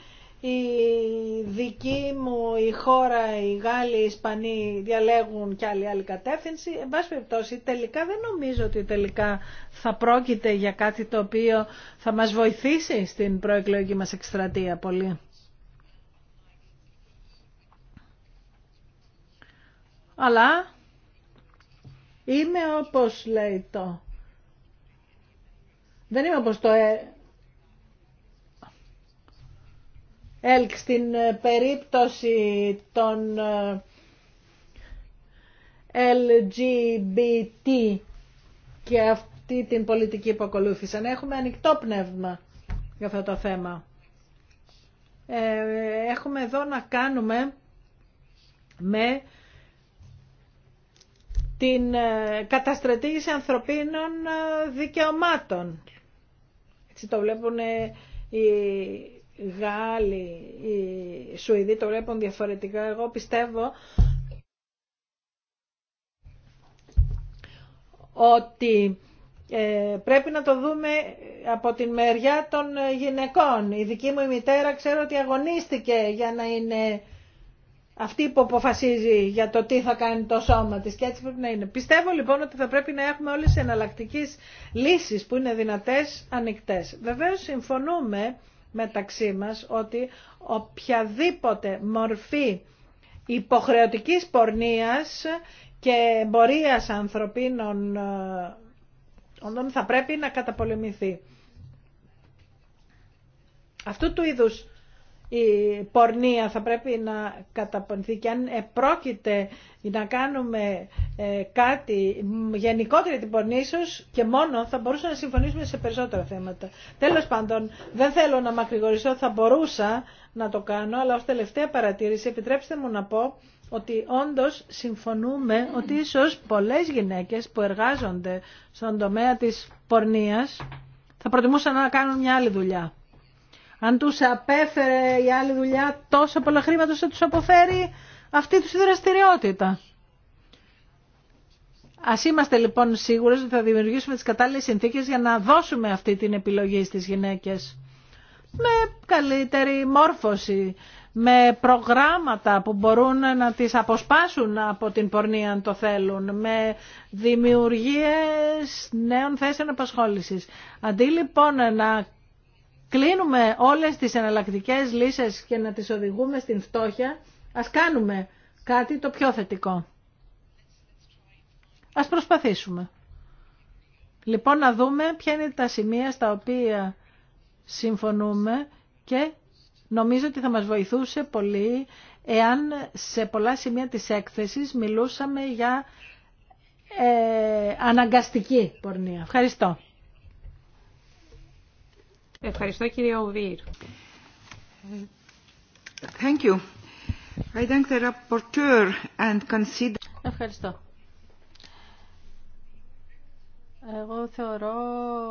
S3: η δική μου η χώρα, οι Γάλλοι, οι Ισπανοί διαλέγουν κι άλλη, άλλη κατεύθυνση. Εν πάση περιπτώσει, τελικά δεν νομίζω ότι τελικά θα πρόκειται για κάτι το οποίο θα μας βοηθήσει στην προεκλογική μας εκστρατεία πολύ. Αλλά είμαι όπως λέει το. Δεν είμαι όπως το ε, ΕΛΚ στην ε, περίπτωση των ε, LGBT και αυτή την πολιτική που ακολούθησαν. Έχουμε ανοιχτό πνεύμα για αυτό το θέμα. Ε, έχουμε εδώ να κάνουμε με την καταστρατήγηση ανθρωπίνων δικαιωμάτων. Έτσι το βλέπουν οι Γάλλοι, οι Σουηδοί το βλέπουν διαφορετικά. Εγώ πιστεύω ότι ε, πρέπει να το δούμε από την μεριά των γυναικών. Η δική μου η μητέρα ξέρω ότι αγωνίστηκε για να είναι αυτή που αποφασίζει για το τι θα κάνει το σώμα της και έτσι πρέπει να είναι. Πιστεύω λοιπόν ότι θα πρέπει να έχουμε όλες τις εναλλακτικές λύσεις που είναι δυνατές ανοιχτές. Βεβαίως συμφωνούμε μεταξύ μας ότι οποιαδήποτε μορφή υποχρεωτικής πορνείας και εμπορίας ανθρωπίνων όντων ε, θα πρέπει να καταπολεμηθεί. Αυτού του είδους η πορνεία θα πρέπει να καταπονηθεί και αν πρόκειται να κάνουμε ε, κάτι γενικότερη την πορνεία ίσως και μόνο θα μπορούσα να συμφωνήσουμε σε περισσότερα θέματα. Τέλος πάντων δεν θέλω να μακρηγορήσω, θα μπορούσα να το κάνω αλλά ως τελευταία παρατήρηση επιτρέψτε μου να πω ότι όντως συμφωνούμε ότι ίσως πολλές γυναίκες που εργάζονται στον τομέα της πορνείας θα προτιμούσαν να κάνουν μια άλλη δουλειά. Αν τους απέφερε η άλλη δουλειά τόσα πολλά χρήματα θα τους αποφέρει αυτή τους η δραστηριότητα. Ας είμαστε λοιπόν σίγουροι ότι θα δημιουργήσουμε τις κατάλληλες συνθήκες για να δώσουμε αυτή την επιλογή στις γυναίκες. Με καλύτερη μόρφωση, με προγράμματα που μπορούν να τις αποσπάσουν από την πορνεία αν το θέλουν, με δημιουργίες νέων θέσεων απασχόληση. Αντί λοιπόν να κλείνουμε όλες τις εναλλακτικές λύσεις και να τις οδηγούμε στην φτώχεια, ας κάνουμε κάτι το πιο θετικό. Ας προσπαθήσουμε. Λοιπόν, να δούμε ποια είναι τα σημεία στα οποία συμφωνούμε και νομίζω ότι θα μας βοηθούσε πολύ εάν σε πολλά σημεία της έκθεσης μιλούσαμε για ε, αναγκαστική πορνεία. Ευχαριστώ.
S2: Ευχαριστώ κύριε Οβίρ. Ευχαριστώ.
S4: Εγώ θεωρώ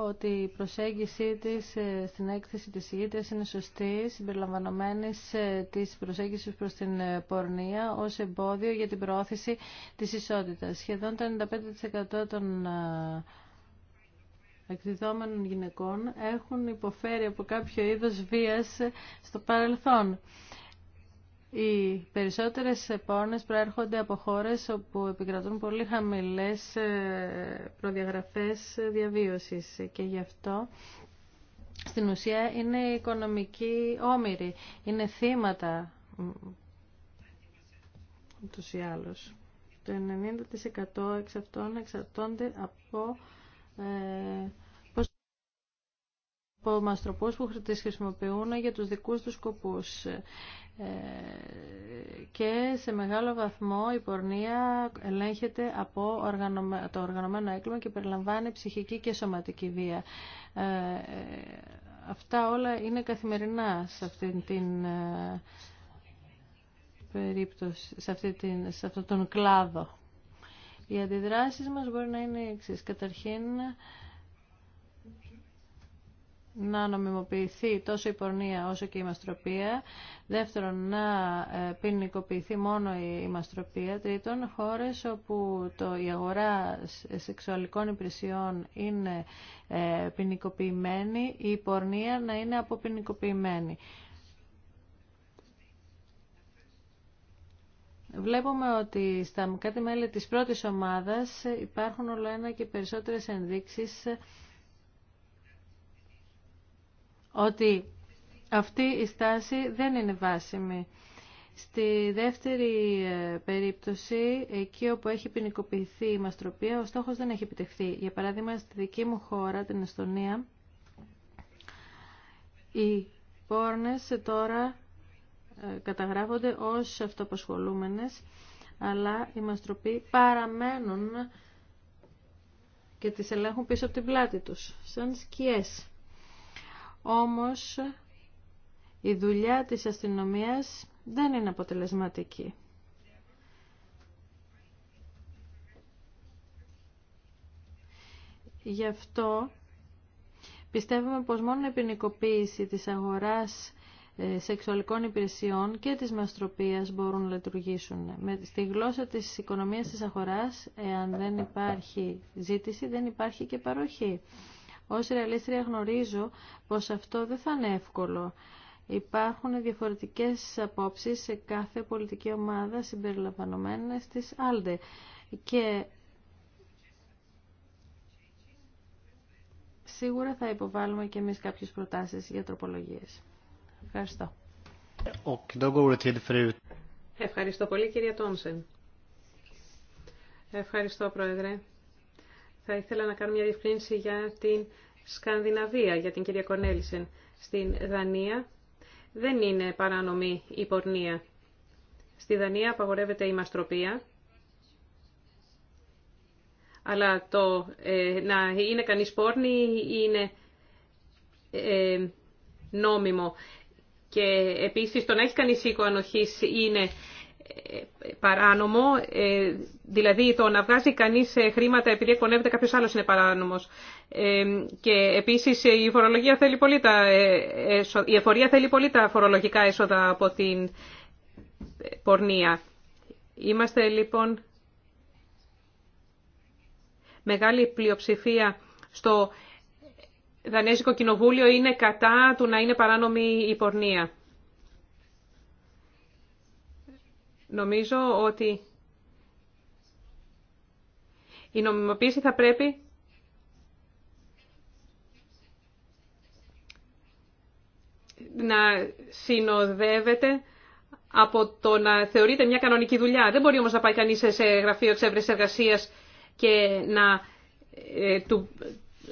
S4: ότι η προσέγγιση της ε, στην έκθεση της ηγήτριας είναι σωστή, συμπεριλαμβανομένης της προσέγγισης προς την ε, πορνεία ως εμπόδιο για την προώθηση της ισότητας. Σχεδόν το 95% των ε, εκδιδόμενων γυναικών έχουν υποφέρει από κάποιο είδος βίας στο παρελθόν. Οι περισσότερες πόνες προέρχονται από χώρες όπου επικρατούν πολύ χαμηλές ε, προδιαγραφές διαβίωσης και γι' αυτό στην ουσία είναι οικονομικοί όμοιροι, είναι θύματα ούτως ή άλλως. Το 90% εξ αυτών εξαρτώνται από ε, από μαστροπούς που τις χρησιμοποιούν για τους δικούς τους σκοπούς. Ε, και σε μεγάλο βαθμό η πορνεία ελέγχεται από το οργανωμένο έγκλημα και περιλαμβάνει ψυχική και σωματική βία. Ε, αυτά όλα είναι καθημερινά σε την περίπτωση, σε, την, σε αυτόν τον κλάδο. Οι αντιδράσεις μας μπορεί να είναι εξή. Καταρχήν, να νομιμοποιηθεί τόσο η πορνεία όσο και η μαστροπία. Δεύτερον, να ε, ποινικοποιηθεί μόνο η μαστροπία. Τρίτον, χώρες όπου το, η αγορά σεξουαλικών υπηρεσιών είναι ε, ποινικοποιημένη, η πορνεία να είναι αποποινικοποιημένη. Βλέπουμε ότι στα κάτι μέλη της πρώτης ομάδας υπάρχουν όλο ένα και περισσότερες ενδείξεις ότι αυτή η στάση δεν είναι βάσιμη. Στη δεύτερη ε, περίπτωση, εκεί όπου έχει ποινικοποιηθεί η μαστροπία, ο στόχος δεν έχει επιτευχθεί. Για παράδειγμα, στη δική μου χώρα, την Εστονία, οι πόρνες τώρα καταγράφονται ως αυτοαπασχολούμενες, αλλά οι μαστροποί παραμένουν και τις ελέγχουν πίσω από την πλάτη τους, σαν σκιές. Όμως η δουλειά της αστυνομίας δεν είναι αποτελεσματική. Γι' αυτό πιστεύουμε πως μόνο η ποινικοποίηση της αγοράς ε, σεξουαλικών υπηρεσιών και της μαστροπίας μπορούν να λειτουργήσουν. Με, στη γλώσσα της οικονομίας της αγοράς, εάν δεν υπάρχει ζήτηση, δεν υπάρχει και παροχή. Ως ρεαλίστρια γνωρίζω πως αυτό δεν θα είναι εύκολο. Υπάρχουν διαφορετικές απόψεις σε κάθε πολιτική ομάδα συμπεριλαμβανομένες της ΑΛΔΕ. Και σίγουρα θα υποβάλουμε και εμείς κάποιες
S2: προτάσεις για τροπολογίες. Ευχαριστώ. Ευχαριστώ πολύ κυρία Τόμσεν. Ευχαριστώ πρόεδρε. Θα ήθελα να κάνω μια διευκρίνηση για την Σκανδιναβία, για την κυρία Κορνέλισεν. Στην Δανία δεν είναι παρανομή η πορνεία. Στη Δανία απαγορεύεται η μαστροπία, αλλά το ε, να είναι κανείς πόρνη είναι ε, νόμιμο. Και επίσης το να έχει κανείς οίκο είναι ε, παράνομο, ε, δηλαδή το να βγάζει κανείς ε, χρήματα επειδή εκπονεύεται κάποιος άλλος είναι παράνομος. Και επίσης η, φορολογία θέλει η εφορία θέλει πολύ τα φορολογικά έσοδα από την πορνεία. Είμαστε λοιπόν μεγάλη πλειοψηφία στο Δανέζικο Κοινοβούλιο είναι κατά του να είναι παράνομη η πορνεία. Νομίζω ότι η νομιμοποίηση θα πρέπει να συνοδεύεται από το να θεωρείται μια κανονική δουλειά. Δεν μπορεί όμως να πάει κανείς σε γραφείο της εργασίας και να ε, του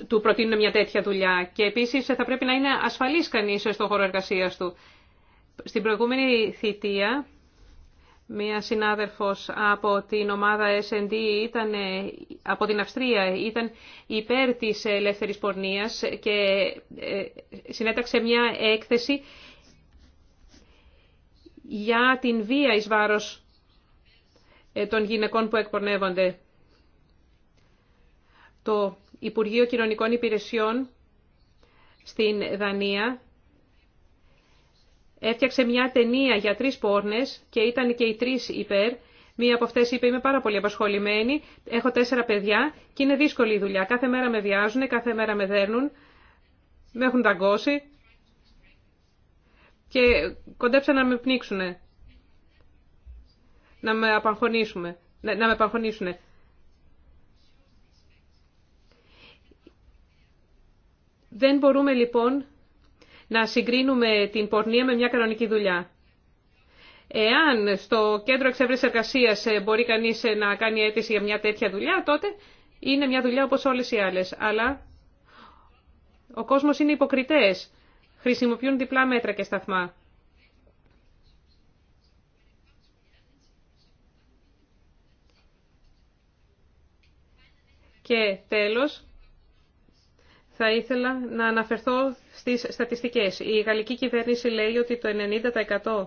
S2: του προτείνουν μια τέτοια δουλειά και επίση θα πρέπει να είναι ασφαλή κανεί στον χώρο εργασία του. Στην προηγούμενη θητεία, μια συναδελφο από την ομάδα S&D ήταν, από την Αυστρία ήταν υπέρ τη ελεύθερη πορνείας και ε, συνέταξε μια έκθεση για την βία εις βάρος ε, των γυναικών που εκπορνεύονται. Το Υπουργείο Κοινωνικών Υπηρεσιών στην Δανία έφτιαξε μια ταινία για τρεις πόρνες και ήταν και οι τρεις υπέρ. Μία από αυτές είπε είμαι πάρα πολύ απασχολημένη, έχω τέσσερα παιδιά και είναι δύσκολη η δουλειά. Κάθε μέρα με βιάζουν, κάθε μέρα με δέρνουν, με έχουν ταγκώσει και κοντέψαν να με πνίξουν, να με απαγχωνίσουν. Να, να Δεν μπορούμε λοιπόν να συγκρίνουμε την πορνεία με μια κανονική δουλειά. Εάν στο κέντρο εξέβρεση εργασία ε, μπορεί κανεί ε, να κάνει αίτηση για μια τέτοια δουλειά, τότε είναι μια δουλειά όπω όλε οι άλλε. Αλλά ο κόσμο είναι υποκριτέ. Χρησιμοποιούν διπλά μέτρα και σταθμά. Και τέλος, θα ήθελα να αναφερθώ στις στατιστικές. Η γαλλική κυβέρνηση λέει ότι το 90%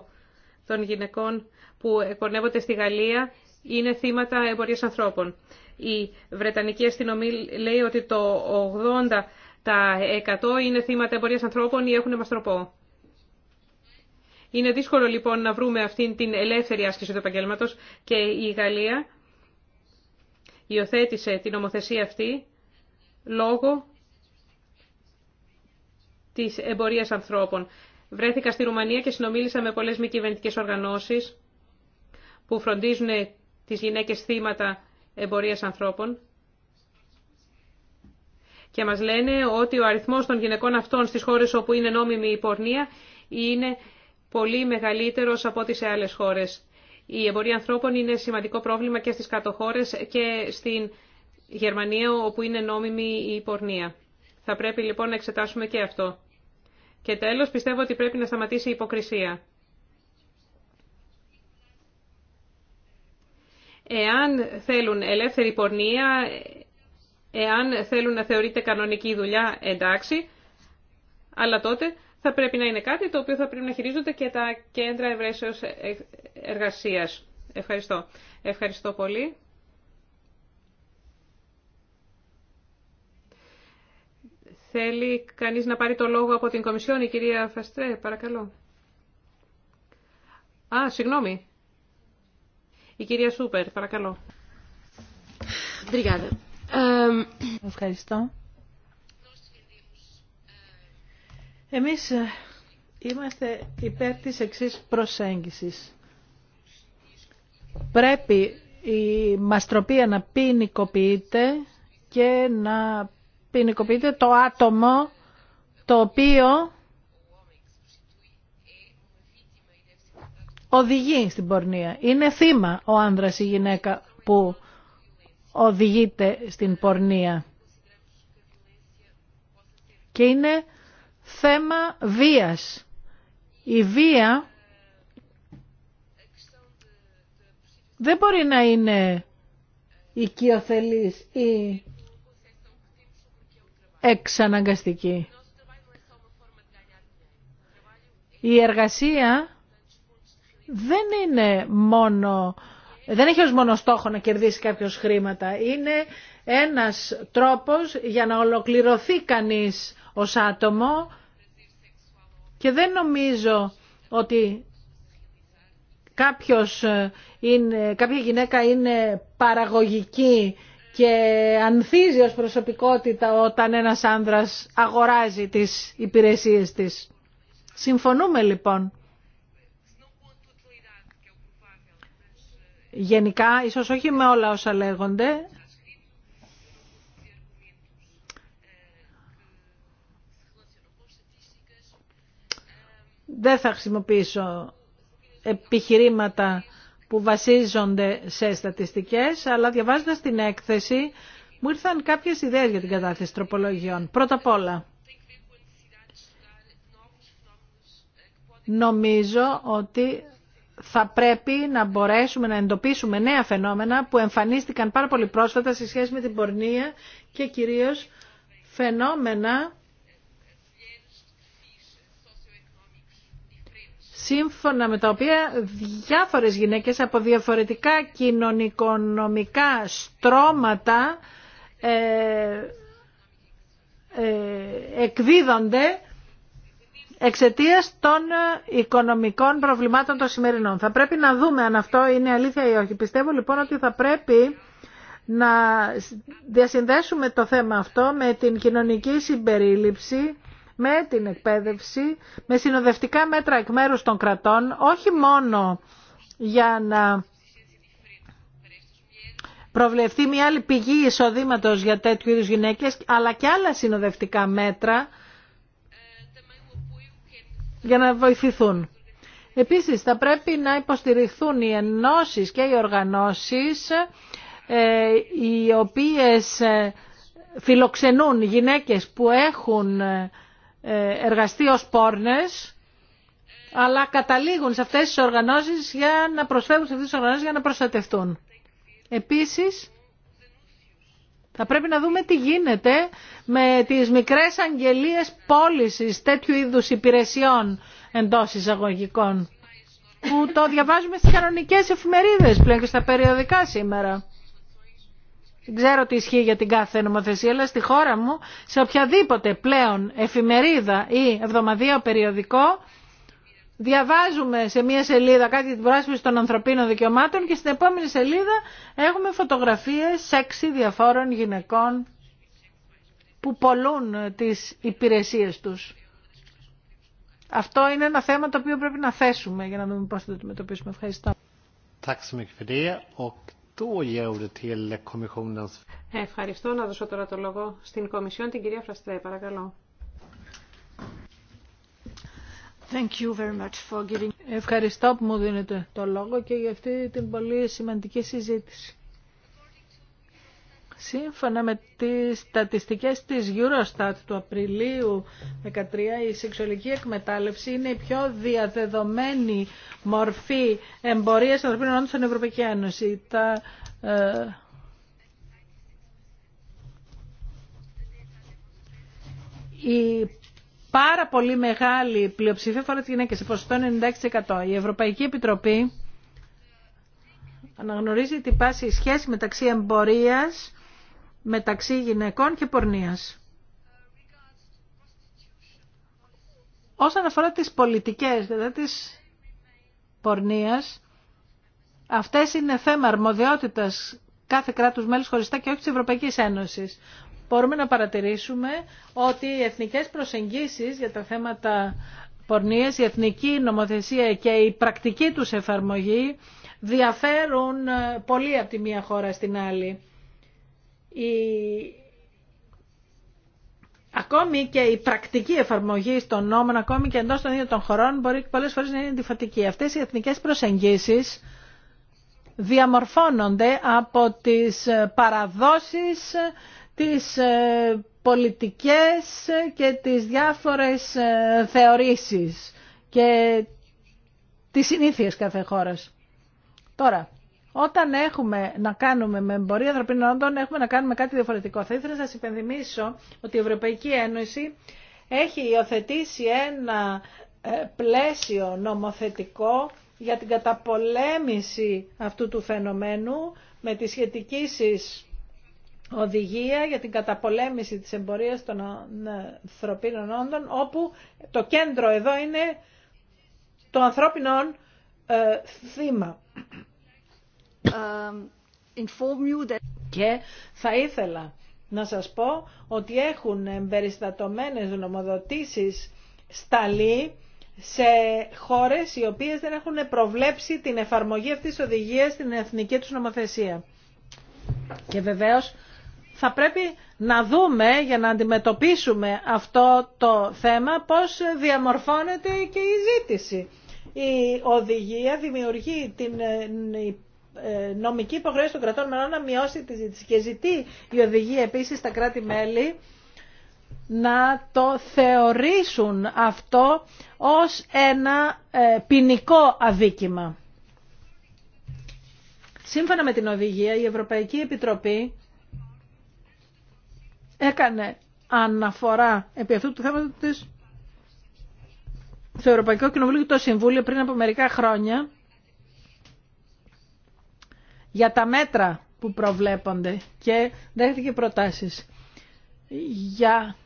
S2: των γυναικών που εκπονεύονται στη Γαλλία είναι θύματα εμπορίας ανθρώπων. Η Βρετανική αστυνομία λέει ότι το 80% είναι θύματα εμπορίας ανθρώπων ή έχουν μαστροπό. Είναι δύσκολο λοιπόν να βρούμε αυτήν την ελεύθερη άσκηση του επαγγελματο και η Γαλλία υιοθέτησε την νομοθεσία αυτή λόγω Τη εμπορία ανθρώπων. Βρέθηκα στη Ρουμανία και συνομίλησα με πολλέ μη κυβερνητικέ οργανώσεις που φροντίζουν τι γυναίκε θύματα εμπορία ανθρώπων και μας λένε ότι ο αριθμός των γυναικών αυτών στις χώρες όπου είναι νόμιμη η πορνεία είναι πολύ μεγαλύτερος από ό,τι σε άλλες χώρες. Η εμπορία ανθρώπων είναι σημαντικό πρόβλημα και στις κατοχώρες και στην Γερμανία όπου είναι νόμιμη η πορνεία. Θα πρέπει λοιπόν να εξετάσουμε και αυτό. Και τέλος, πιστεύω ότι πρέπει να σταματήσει η υποκρισία. Εάν θέλουν ελεύθερη πορνεία, εάν θέλουν να θεωρείται κανονική δουλειά, εντάξει, αλλά τότε θα πρέπει να είναι κάτι το οποίο θα πρέπει να χειρίζονται και τα κέντρα ευρέσεως εργασίας. Ευχαριστώ. Ευχαριστώ πολύ. Θέλει κανείς να πάρει το λόγο από την Κομισιόν, η κυρία Φαστρέ, παρακαλώ. Α, συγγνώμη. Η κυρία Σούπερ, παρακαλώ.
S3: Ευχαριστώ. Εμείς ε, είμαστε υπέρ της εξής προσέγγισης. Πρέπει η μαστροπία να ποινικοποιείται και να ποινικοποιείται το άτομο το οποίο οδηγεί στην πορνεία. Είναι θύμα ο άνδρας ή η γυναίκα που οδηγείται στην πορνεία. Και είναι θέμα βίας. βία δεν μπορεί να είναι οικειοθελής ή εξαναγκαστική. Η εργασία δεν είναι μόνο, δεν έχει ως μόνο στόχο να κερδίσει κάποιος χρήματα. Είναι ένας τρόπος για να ολοκληρωθεί κανείς ως άτομο και δεν νομίζω ότι κάποιος είναι, κάποια γυναίκα είναι παραγωγική και ανθίζει ως προσωπικότητα όταν ένας άνδρας αγοράζει τις υπηρεσίες της. Συμφωνούμε λοιπόν. Γενικά, ίσως όχι με όλα όσα λέγονται, δεν θα χρησιμοποιήσω επιχειρήματα που βασίζονται σε στατιστικές, αλλά διαβάζοντας την έκθεση μου ήρθαν κάποιες ιδέες για την κατάθεση τροπολογιών. Πρώτα απ' όλα, νομίζω ότι θα πρέπει να μπορέσουμε να εντοπίσουμε νέα φαινόμενα που εμφανίστηκαν πάρα πολύ πρόσφατα σε σχέση με την πορνεία και κυρίως φαινόμενα σύμφωνα με τα οποία διάφορες γυναίκες από διαφορετικά κοινωνικονομικά στρώματα ε, ε, εκδίδονται εξαιτίας των οικονομικών προβλημάτων των σημερινών. Θα πρέπει να δούμε αν αυτό είναι αλήθεια ή όχι. Πιστεύω λοιπόν ότι θα πρέπει να διασυνδέσουμε το θέμα αυτό με την κοινωνική συμπερίληψη με την εκπαίδευση, με συνοδευτικά μέτρα εκ μέρους των κρατών, όχι μόνο για να προβλεφθεί μια άλλη πηγή εισοδήματος για τέτοιου είδους γυναίκες, αλλά και άλλα συνοδευτικά μέτρα για να βοηθηθούν. Επίσης, θα πρέπει να υποστηριχθούν οι ενώσεις και οι οργανώσεις ε, οι οποίες ε, φιλοξενούν γυναίκες που έχουν ε, ε, εργαστεί ως πόρνες, αλλά καταλήγουν σε αυτές τις οργανώσεις για να προσφεύγουν σε αυτές τις οργανώσεις για να προστατευτούν. Επίσης, θα πρέπει να δούμε τι γίνεται με τις μικρές αγγελίες πώληση τέτοιου είδους υπηρεσιών εντός εισαγωγικών που το διαβάζουμε στις κανονικές εφημερίδες πλέον και στα περιοδικά σήμερα ξέρω τι ισχύει για την κάθε νομοθεσία, αλλά στη χώρα μου, σε οποιαδήποτε πλέον εφημερίδα ή εβδομαδιαίο περιοδικό, διαβάζουμε σε μία σελίδα κάτι για την πρόσφυση των ανθρωπίνων δικαιωμάτων και στην επόμενη σελίδα έχουμε φωτογραφίες σεξι διαφόρων γυναικών που πολλούν τις υπηρεσίες τους. Αυτό είναι ένα θέμα το οποίο πρέπει να θέσουμε για να δούμε πώς θα το αντιμετωπίσουμε. Ευχαριστώ.
S2: Ευχαριστώ να δώσω τώρα το λόγο στην Κομισιόν, την κυρία Φραστρέ, παρακαλώ.
S3: Thank you very much for giving... Ευχαριστώ που μου δίνετε το λόγο και για αυτή την πολύ σημαντική συζήτηση. Σύμφωνα με τις στατιστικές της Eurostat του Απριλίου 2013, η σεξουαλική εκμετάλλευση είναι η πιο διαδεδομένη μορφή εμπορίας ανθρωπίνων όντων στην Ευρωπαϊκή Ένωση. Τα, ε, η πάρα πολύ μεγάλη πλειοψηφία φορά τις γυναίκες, σε ποσοστό 96%. Η Ευρωπαϊκή Επιτροπή αναγνωρίζει την πάση σχέση μεταξύ εμπορίας μεταξύ γυναικών και πορνείας. Όσον αφορά τις πολιτικές, δηλαδή της πορνείας, αυτές είναι θέμα αρμοδιότητας κάθε κράτους μέλους χωριστά και όχι της Ευρωπαϊκής Ένωσης. Μπορούμε να παρατηρήσουμε ότι οι εθνικές προσεγγίσεις για τα θέματα πορνείας, η εθνική νομοθεσία και η πρακτική τους εφαρμογή διαφέρουν πολύ από τη μία χώρα στην άλλη η... Ακόμη και η πρακτική εφαρμογή των νόμων, ακόμη και εντός των ίδιων των χωρών, μπορεί πολλές φορές να είναι αντιφατική. Αυτές οι εθνικές προσεγγίσεις διαμορφώνονται από τις ε, παραδόσεις, τις ε, πολιτικές και τις διάφορες ε, θεωρήσεις και τις συνήθειες κάθε χώρας. Τώρα, όταν έχουμε να κάνουμε με εμπορία ανθρωπίνων όντων, έχουμε να κάνουμε κάτι διαφορετικό. Θα ήθελα να σας υπενθυμίσω ότι η Ευρωπαϊκή Ένωση έχει υιοθετήσει ένα ε, πλαίσιο νομοθετικό για την καταπολέμηση αυτού του φαινομένου με τη σχετική οδηγία για την καταπολέμηση της εμπορίας των ε, ανθρωπίνων όντων, όπου το κέντρο εδώ είναι το ανθρώπινο ε, θύμα. Um, και θα ήθελα να σας πω ότι έχουν εμπεριστατωμένες νομοδοτήσεις σταλεί σε χώρες οι οποίες δεν έχουν προβλέψει την εφαρμογή αυτής της οδηγίας στην εθνική τους νομοθεσία. Και βεβαίως θα πρέπει να δούμε για να αντιμετωπίσουμε αυτό το θέμα πώς διαμορφώνεται και η ζήτηση. Η οδηγία δημιουργεί την ε, ε, νομική υποχρέωση των κρατών μελών να μειώσει τη ζήτηση. Και ζητεί η οδηγία επίσης τα κράτη-μέλη να το θεωρήσουν αυτό ως ένα ε, ποινικό αδίκημα. Σύμφωνα με την οδηγία, η Ευρωπαϊκή Επιτροπή έκανε αναφορά επί αυτού του θέματος της στο Ευρωπαϊκό Κοινοβούλιο και το Συμβούλιο πριν από μερικά χρόνια για τα μέτρα που προβλέπονται και δέχτηκε προτάσεις για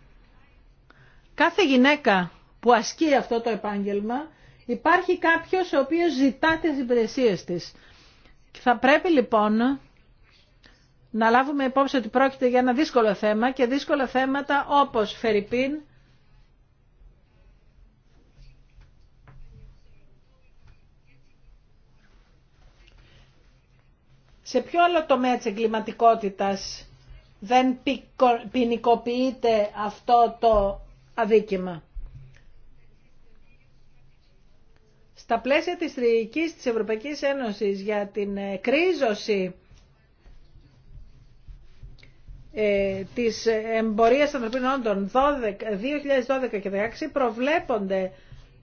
S3: κάθε γυναίκα που ασκεί αυτό το επάγγελμα υπάρχει κάποιος ο οποίος ζητά τις υπηρεσίες της. Θα πρέπει λοιπόν να λάβουμε υπόψη ότι πρόκειται για ένα δύσκολο θέμα και δύσκολα θέματα όπως Φερρυπίν σε ποιο άλλο τομέα της εγκληματικότητας δεν ποινικοποιείται αυτό το αδίκημα. Στα πλαίσια της τριγικής της Ευρωπαϊκής Ένωσης για την ε, κρίζωση ε, της εμπορίας ανθρωπίνων όντων 2012 και 2016 προβλέπονται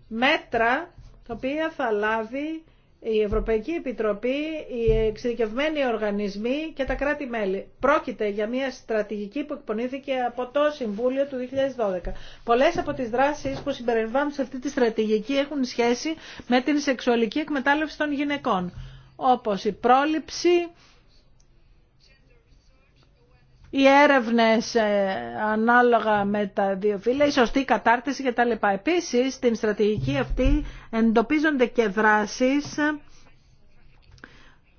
S3: μέτρα τα οποία θα λάβει η Ευρωπαϊκή Επιτροπή, οι εξειδικευμένοι οργανισμοί και τα κράτη-μέλη. Πρόκειται για μια στρατηγική που εκπονήθηκε από το Συμβούλιο του 2012. Πολλές από τις δράσεις που συμπεριλαμβάνουν σε αυτή τη στρατηγική έχουν σχέση με την σεξουαλική εκμετάλλευση των γυναικών, όπως η πρόληψη, οι έρευνες ε, ανάλογα με τα δύο φύλλα, η σωστή κατάρτιση κτλ. Επίσης, στην στρατηγική αυτή εντοπίζονται και δράσεις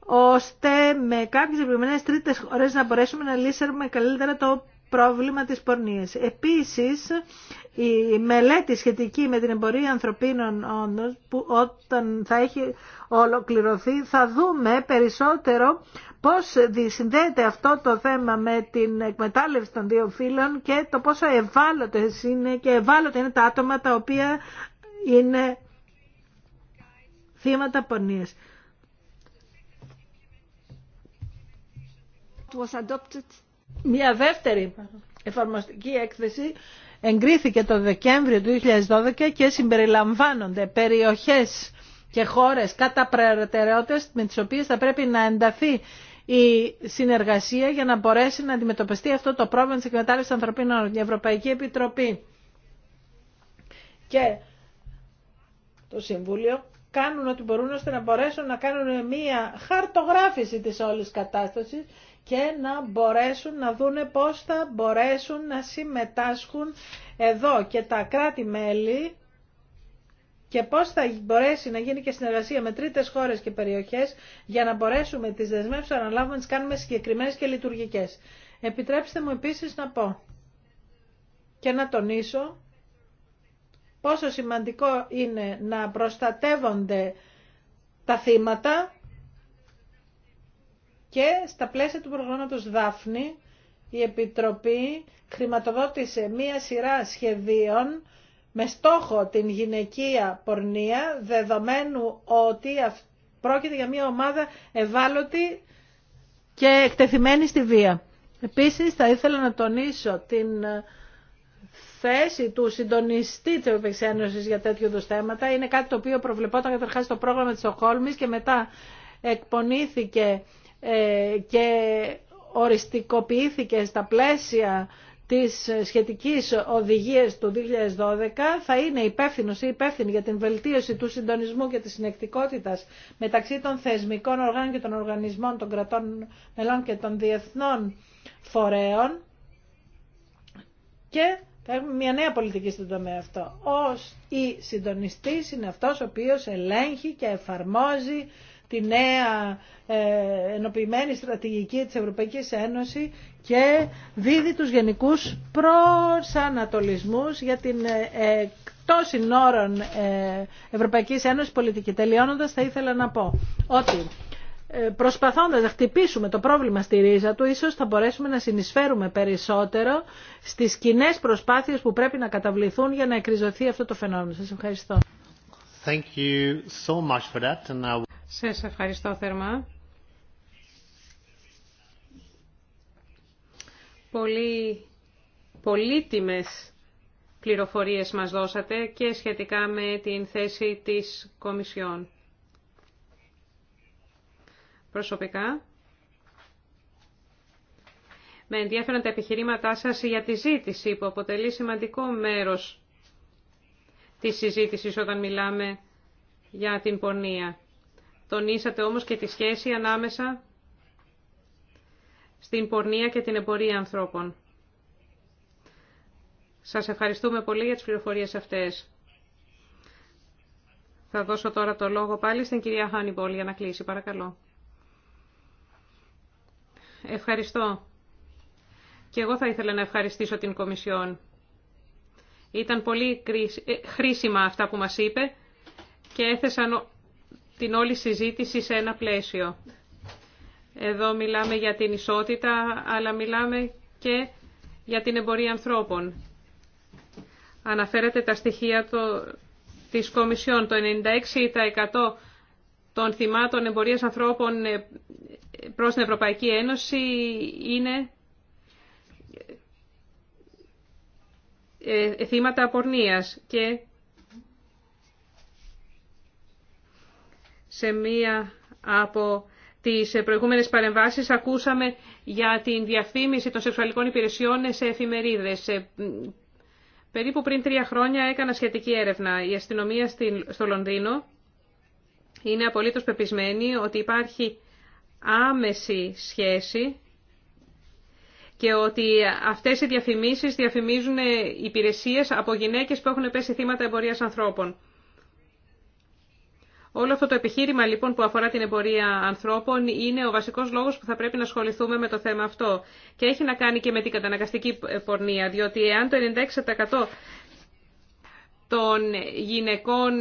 S3: ώστε με κάποιες επιμένες τρίτες χώρες να μπορέσουμε να λύσουμε καλύτερα το πρόβλημα της πορνείας. Επίσης, η μελέτη σχετική με την εμπορία ανθρωπίνων όντων, που όταν θα έχει ολοκληρωθεί, θα δούμε περισσότερο πώς συνδέεται αυτό το θέμα με την εκμετάλλευση των δύο φύλων και το πόσο ευάλωτες είναι και ευάλωτα είναι τα άτομα τα οποία είναι θύματα πορνείας. was μια δεύτερη εφαρμοστική έκθεση εγκρίθηκε το Δεκέμβριο του 2012 και συμπεριλαμβάνονται περιοχές και χώρες κατά προτεραιότητες με τις οποίες θα πρέπει να ενταθεί η συνεργασία για να μπορέσει να αντιμετωπιστεί αυτό το πρόβλημα της εκμετάλλευσης ανθρωπίνων η Ευρωπαϊκή Επιτροπή και το Συμβούλιο κάνουν ό,τι μπορούν ώστε να μπορέσουν να κάνουν μία χαρτογράφηση της όλης κατάστασης και να μπορέσουν να δούνε πώς θα μπορέσουν να συμμετάσχουν εδώ και τα κράτη-μέλη και πώς θα μπορέσει να γίνει και συνεργασία με τρίτες χώρες και περιοχές για να μπορέσουμε τις δεσμεύσεις να αναλάβουμε να τις κάνουμε συγκεκριμένες και λειτουργικές. Επιτρέψτε μου επίσης να πω και να τονίσω πόσο σημαντικό είναι να προστατεύονται τα θύματα και στα πλαίσια του προγράμματος Δάφνη, η Επιτροπή χρηματοδότησε μία σειρά σχεδίων με στόχο την γυναικεία πορνεία, δεδομένου ότι πρόκειται για μία ομάδα ευάλωτη και εκτεθειμένη στη βία. Επίσης, θα ήθελα να τονίσω την ε, θέση του συντονιστή τη Ευρωπαϊκή για τέτοιου είδους θέματα. Είναι κάτι το οποίο προβλεπόταν καταρχάς στο πρόγραμμα τη ΟΧΟΛΜΗΣ και μετά εκπονήθηκε ε, και οριστικοποιήθηκε στα πλαίσια της σχετικής οδηγίας του 2012 θα είναι υπεύθυνο ή υπεύθυνη για την βελτίωση του συντονισμού και της συνεκτικότητας μεταξύ των θεσμικών οργάνων και των οργανισμών των κρατών μελών και των διεθνών φορέων και θα έχουμε μια νέα πολιτική στον τομέα αυτό. Ως η συντονιστής είναι αυτός ο οποίος ελέγχει και εφαρμόζει τη νέα ε, ενοποιημένη στρατηγική της Ευρωπαϊκής Ένωσης και δίδει τους γενικούς προσανατολισμούς για την ε, εκτός συνόρων ε, Ευρωπαϊκής Ένωσης πολιτική. Τελειώνοντας θα ήθελα να πω ότι προσπαθώντας να χτυπήσουμε το πρόβλημα στη ρίζα του, ίσως θα μπορέσουμε να συνεισφέρουμε περισσότερο στις κοινέ προσπάθειες που πρέπει να καταβληθούν για να εκριζωθεί αυτό το
S2: φαινόμενο. Σας ευχαριστώ.
S1: Thank you so much for that. And σας ευχαριστώ
S2: θερμά. Πολύ πολύτιμες πληροφορίες μας δώσατε και σχετικά με την θέση της Κομισιόν. Προσωπικά, με ενδιαφέρον τα επιχειρήματά σας για τη ζήτηση που αποτελεί σημαντικό μέρος της συζήτησης όταν μιλάμε για την πορνεία. Τονίσατε όμως και τη σχέση ανάμεσα στην πορνεία και την εμπορία ανθρώπων. Σας ευχαριστούμε πολύ για τις πληροφορίες αυτές. Θα δώσω τώρα το λόγο πάλι στην κυρία Χάνιμπολ για να κλείσει. Παρακαλώ. Ευχαριστώ. Και εγώ θα ήθελα να ευχαριστήσω την Κομισιόν. Ήταν πολύ ε, χρήσιμα αυτά που μας είπε και έθεσαν την όλη συζήτηση σε ένα πλαίσιο. Εδώ μιλάμε για την ισότητα, αλλά μιλάμε και για την εμπορία ανθρώπων. Αναφέρατε τα στοιχεία το, της Κομισιόν. Το 96% των θυμάτων εμπορίας ανθρώπων ε, προς την Ευρωπαϊκή Ένωση είναι ε, ε, θύματα απορνίας και Σε μία από τις προηγούμενες παρεμβάσεις ακούσαμε για την διαφήμιση των σεξουαλικών υπηρεσιών σε εφημερίδες. Περίπου πριν τρία χρόνια έκανα σχετική έρευνα. Η αστυνομία στο Λονδίνο είναι απολύτως πεπισμένη ότι υπάρχει άμεση σχέση και ότι αυτές οι διαφημίσεις διαφημίζουν υπηρεσίες από γυναίκες που έχουν πέσει θύματα εμπορίας ανθρώπων. Όλο αυτό το επιχείρημα λοιπόν που αφορά την εμπορία ανθρώπων είναι ο βασικός λόγος που θα πρέπει να ασχοληθούμε με το θέμα αυτό. Και έχει να κάνει και με την καταναγκαστική πορνεία, διότι εάν το 96% των γυναικών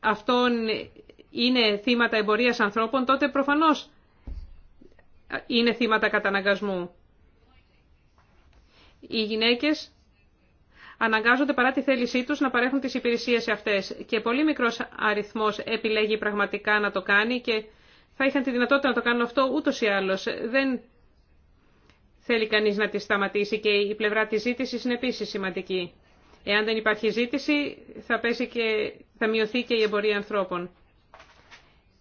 S2: αυτών είναι θύματα εμπορίας ανθρώπων, τότε προφανώς είναι θύματα καταναγκασμού. Οι γυναίκες αναγκάζονται παρά τη θέλησή τους να παρέχουν τις υπηρεσίες αυτές. Και πολύ μικρός αριθμός επιλέγει πραγματικά να το κάνει και θα είχαν τη δυνατότητα να το κάνουν αυτό ούτως ή άλλως. Δεν θέλει κανείς να τη σταματήσει και η πλευρά της ζήτησης είναι επίση σημαντική. Εάν δεν υπάρχει ζήτηση θα, πέσει και, θα μειωθεί και η εμπορία ανθρώπων.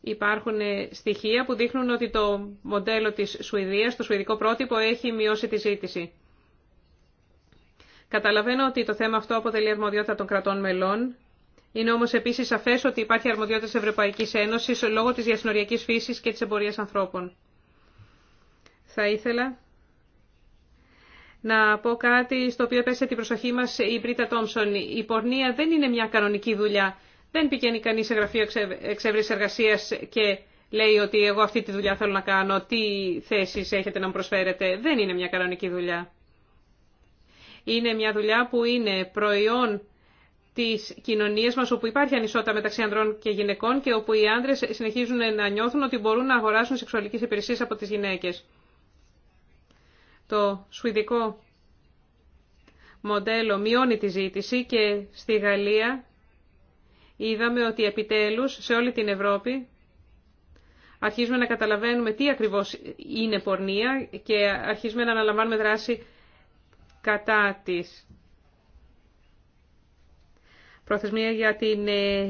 S2: Υπάρχουν ε, στοιχεία που δείχνουν ότι το μοντέλο της Σουηδίας, το σουηδικό πρότυπο, έχει μειώσει τη ζήτηση. Καταλαβαίνω ότι το θέμα αυτό αποτελεί αρμοδιότητα των κρατών μελών. Είναι όμω επίση σαφέ ότι υπάρχει αρμοδιότητα τη Ευρωπαϊκή Ένωση λόγω τη διασυνοριακή φύση και τη εμπορία ανθρώπων. Θα ήθελα να πω κάτι στο οποίο έπεσε την προσοχή μα η Μπρίτα Τόμσον. Η πορνεία δεν είναι μια κανονική δουλειά. Δεν πηγαίνει κανεί σε γραφείο εξεύρεση εργασία και λέει ότι εγώ αυτή τη δουλειά θέλω να κάνω. Τι θέσει έχετε να μου προσφέρετε. Δεν είναι μια κανονική δουλειά είναι μια δουλειά που είναι προϊόν της κοινωνίας μας όπου υπάρχει ανισότητα μεταξύ ανδρών και γυναικών και όπου οι άντρε συνεχίζουν να νιώθουν ότι μπορούν να αγοράσουν σεξουαλικέ υπηρεσίε από τις γυναίκες. Το σουηδικό μοντέλο μειώνει τη ζήτηση και στη Γαλλία είδαμε ότι επιτέλους σε όλη την Ευρώπη αρχίζουμε να καταλαβαίνουμε τι ακριβώς είναι πορνεία και αρχίζουμε να αναλαμβάνουμε δράση κατά της. Προθεσμία για την ε,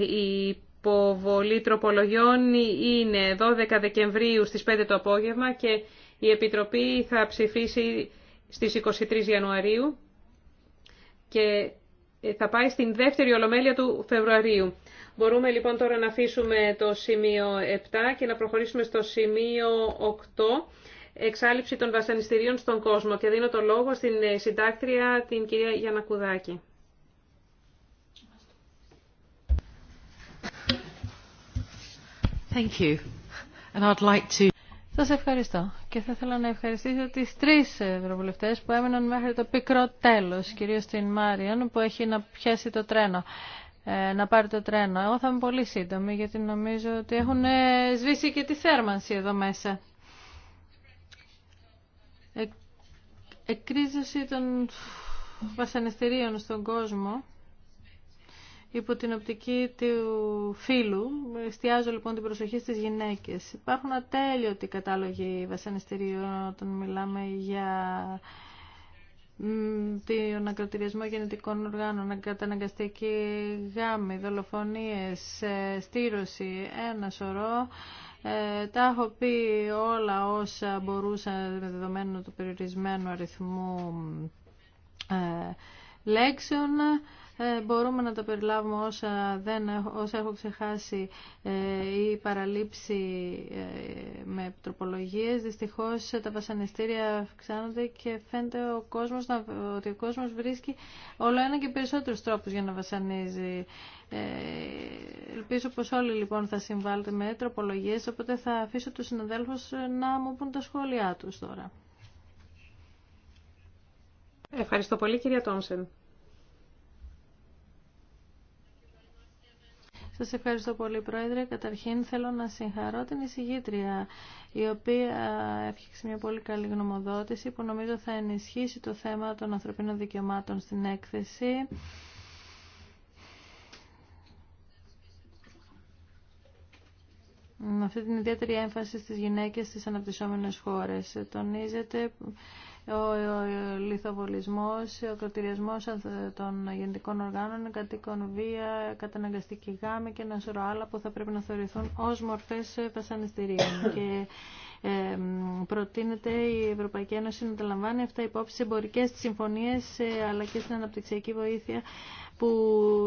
S2: υποβολή τροπολογιών είναι 12 Δεκεμβρίου στις 5 το απόγευμα και η Επιτροπή θα ψηφίσει στις 23 Ιανουαρίου και ε, θα πάει στην δεύτερη ολομέλεια του Φεβρουαρίου. Μπορούμε λοιπόν τώρα να αφήσουμε το σημείο 7 και να προχωρήσουμε στο σημείο 8 εξάλληψη των βασανιστήριων στον κόσμο και δίνω το λόγο στην ε, συντάκτρια την κυρία Γιανακουδάκη.
S4: Thank you. And I'd like to... Σας ευχαριστώ και θα ήθελα να ευχαριστήσω τις τρεις ευρωβουλευτές που έμειναν μέχρι το πικρό τέλος, κυρίως την Μάριον που έχει να πιάσει το τρένο ε, να πάρει το τρένο. Εγώ θα είμαι πολύ σύντομη γιατί νομίζω ότι έχουν σβήσει και τη θέρμανση εδώ μέσα εκρίζωση των βασανιστήριων στον κόσμο υπό την οπτική του φίλου. Εστιάζω λοιπόν την προσοχή στις γυναίκες. Υπάρχουν ατέλειωτοι κατάλογοι βασανιστήριων όταν μιλάμε για τον ακροτηριασμό γεννητικών οργάνων, καταναγκαστική γάμη, δολοφονίες, ε, στήρωση, ένα σωρό ε, τα έχω πει όλα όσα μπορούσα με δεδομένο του περιορισμένου αριθμού ε, λέξεων. Ε, μπορούμε να τα περιλάβουμε όσα, δεν, όσα έχω ξεχάσει ε, ή παραλείψει ε, με τροπολογίες. Δυστυχώς τα βασανιστήρια αυξάνονται και φαίνεται ο κόσμος να, ότι ο κόσμος βρίσκει όλο ένα και περισσότερους τρόπους για να βασανίζει. ελπίζω πως όλοι λοιπόν θα συμβάλλετε με τροπολογίες, οπότε θα αφήσω τους συναδέλφους να μου πούν τα σχόλιά τους τώρα.
S2: Ευχαριστώ πολύ κυρία Τόμσεν.
S4: Σας ευχαριστώ πολύ Πρόεδρε. Καταρχήν θέλω να συγχαρώ την εισηγήτρια η οποία έφτιαξε μια πολύ καλή γνωμοδότηση που νομίζω θα ενισχύσει το θέμα των ανθρωπίνων δικαιωμάτων στην έκθεση. Με αυτή την ιδιαίτερη έμφαση στις γυναίκες στις αναπτυσσόμενες χώρες. Τονίζεται ο λιθοβολισμός, ο κροτηριασμός των γεννητικών οργάνων, κατοίκων βία, καταναγκαστική γάμη και ένα σωρό άλλα που θα πρέπει να θεωρηθούν ως μορφές βασανιστήριων. [COUGHS] και προτείνεται η Ευρωπαϊκή Ένωση να τα λαμβάνει αυτά υπόψη σε εμπορικές συμφωνίες αλλά και στην αναπτυξιακή βοήθεια που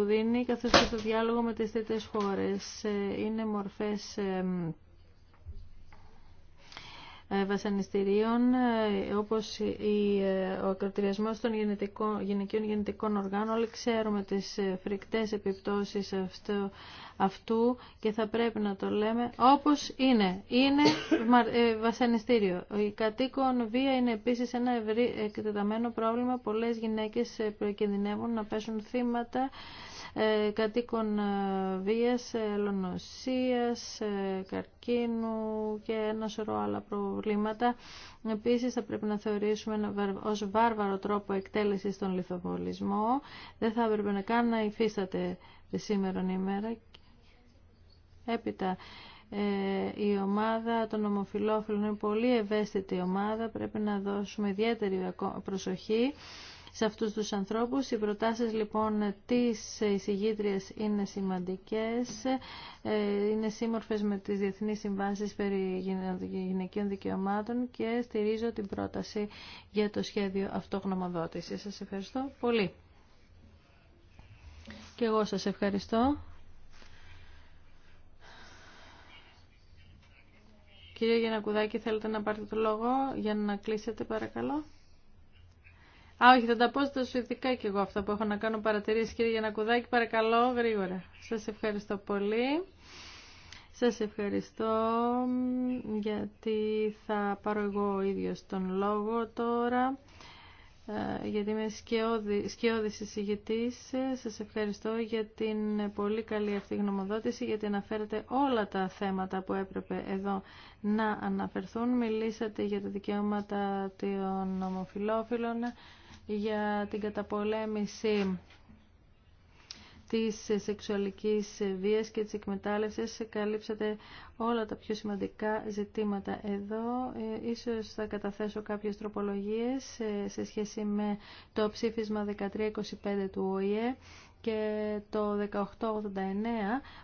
S4: δίνει καθώς και στο διάλογο με τις τέτοιες χώρες. Ε, είναι μορφές ε, βασανιστήριων ε, όπως ε, ο ακροτηριασμός των γενετικό, γυναικείων γενετικών οργάνων. Όλοι ξέρουμε τις φρικτές επιπτώσεις αυτού, αυτού και θα πρέπει να το λέμε όπως είναι. Είναι βασανιστήριο. Η κατοίκον βία είναι επίσης ένα ευρύ εκτεταμένο πρόβλημα. Πολλές γυναίκες προκινδυνεύουν να πέσουν θύματα ε, κατοίκων ε, βίας, ε, ε, καρκίνου και ένα σωρό άλλα προβλήματα. Επίσης θα πρέπει να θεωρήσουμε ως βάρβαρο τρόπο εκτέλεσης τον λιθοβολισμό. Δεν θα έπρεπε να κάνει να υφίσταται σήμερα ημέρα. Έπειτα, η ομάδα των ομοφιλόφιλων είναι πολύ ευαίσθητη ομάδα, πρέπει να δώσουμε ιδιαίτερη προσοχή σε αυτούς τους ανθρώπους. Οι προτάσεις λοιπόν της εισηγήτριας είναι σημαντικές, ε, είναι σύμμορφες με τις διεθνείς συμβάσεις περί γυναικείων δικαιωμάτων και στηρίζω την πρόταση για το σχέδιο αυτογνωμοδότησης. Σας ευχαριστώ πολύ. Και εγώ σας ευχαριστώ. Κύριε Γιανακουδάκη, θέλετε να πάρετε το λόγο για να κλείσετε, παρακαλώ. Α, όχι, θα τα πω στα σουηδικά κι εγώ αυτά που έχω να κάνω παρατηρήσει. Κύριε Γιανακουδάκη, παρακαλώ, γρήγορα. Σα ευχαριστώ πολύ. Σα ευχαριστώ γιατί θα πάρω εγώ ο ίδιο τον λόγο τώρα ε, γιατί είμαι σκιώδη, εισηγητή. Σα ευχαριστώ για την πολύ καλή αυτή γνωμοδότηση, γιατί αναφέρετε όλα τα θέματα που έπρεπε εδώ να αναφερθούν. Μιλήσατε για τα δικαιώματα των ομοφιλόφιλων, για την καταπολέμηση της σεξουαλικής βίας και της εκμετάλλευσης καλύψατε όλα τα πιο σημαντικά ζητήματα εδώ. Ε, ίσως θα καταθέσω κάποιες τροπολογίες ε, σε σχέση με το ψήφισμα 1325 του ΟΗΕ και το 1889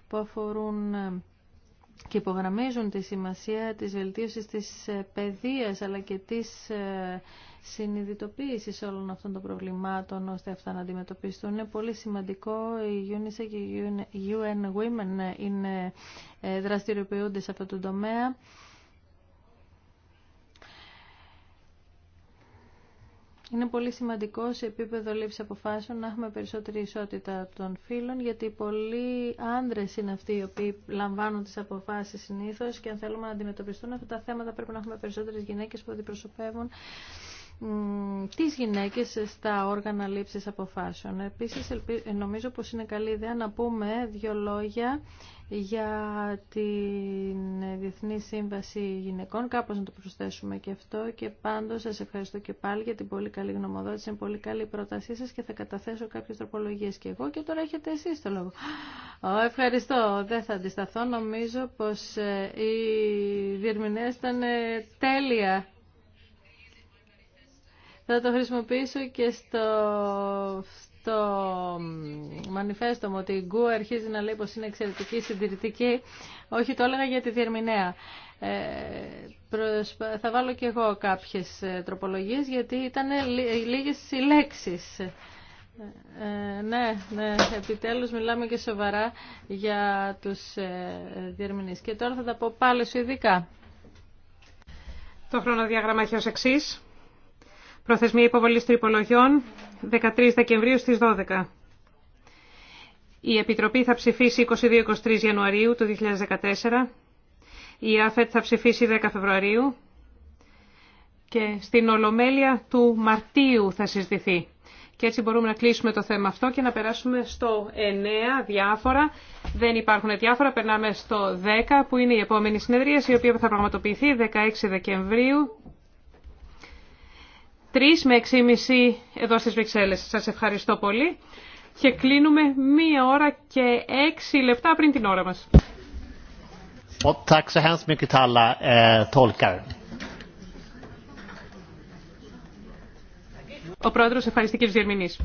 S4: που αφορούν και υπογραμμίζουν τη σημασία της βελτίωσης της ε, παιδείας αλλά και της ε, συνειδητοποίησης όλων αυτών των προβλημάτων ώστε αυτά να αντιμετωπιστούν. Είναι πολύ σημαντικό η UNICEF και η UN Women είναι, ε, δραστηριοποιούνται σε αυτό το τομέα. Είναι πολύ σημαντικό σε επίπεδο λήψη αποφάσεων να έχουμε περισσότερη ισότητα των φίλων, γιατί πολλοί άντρε είναι αυτοί οι οποίοι λαμβάνουν τι αποφάσει συνήθω και αν θέλουμε να αντιμετωπιστούν αυτά τα θέματα πρέπει να έχουμε περισσότερε γυναίκε που αντιπροσωπεύουν τις γυναίκες στα όργανα λήψης αποφάσεων. Επίσης, νομίζω πως είναι καλή ιδέα να πούμε δύο λόγια για την Διεθνή Σύμβαση Γυναικών. Κάπως να το προσθέσουμε και αυτό. Και πάντως σας ευχαριστώ και πάλι για την πολύ καλή γνωμοδότηση, την πολύ καλή πρότασή σας και θα καταθέσω κάποιες τροπολογίες και εγώ και τώρα έχετε εσείς το λόγο. ευχαριστώ. Δεν θα αντισταθώ. Νομίζω πως ε, οι διερμηνές ήταν ε, τέλεια. Θα το χρησιμοποιήσω και στο, στο μανιφέστο μου ότι η Γκου αρχίζει να λέει πως είναι εξαιρετική συντηρητική. Όχι, το έλεγα για τη διερμηνέα. Ε, Θα βάλω και εγώ κάποιες ε, τροπολογίες γιατί ήταν λίγες οι λέξεις. Ε, ναι, ναι, επιτέλους μιλάμε και σοβαρά για τους ε, διερμηνείς. Και τώρα θα τα πω πάλι σου
S2: ειδικά. Το χρονοδιάγραμμα έχει ως εξής. Προθεσμία υποβολής τρυπολογιών 13 Δεκεμβρίου στις 12. Η Επιτροπή θα ψηφίσει 22-23 Ιανουαρίου του 2014. Η ΑΦΕΤ θα ψηφίσει 10 Φεβρουαρίου. Και στην Ολομέλεια του Μαρτίου θα συζητηθεί. Και έτσι μπορούμε να κλείσουμε το θέμα αυτό και να περάσουμε στο 9 διάφορα. Δεν υπάρχουν διάφορα, περνάμε στο 10 που είναι η επόμενη συνεδρία η οποία θα πραγματοποιηθεί 16 Δεκεμβρίου 3 με 6.30 εδώ στις Βρυξέλλες. Σας ευχαριστώ πολύ και κλείνουμε μία ώρα και έξι λεπτά πριν την ώρα μας.
S1: Tack så hemskt mycket till alla eh, tolkar.
S2: Ο πρόεδρος ευχαριστεί και τους διερμηνείς.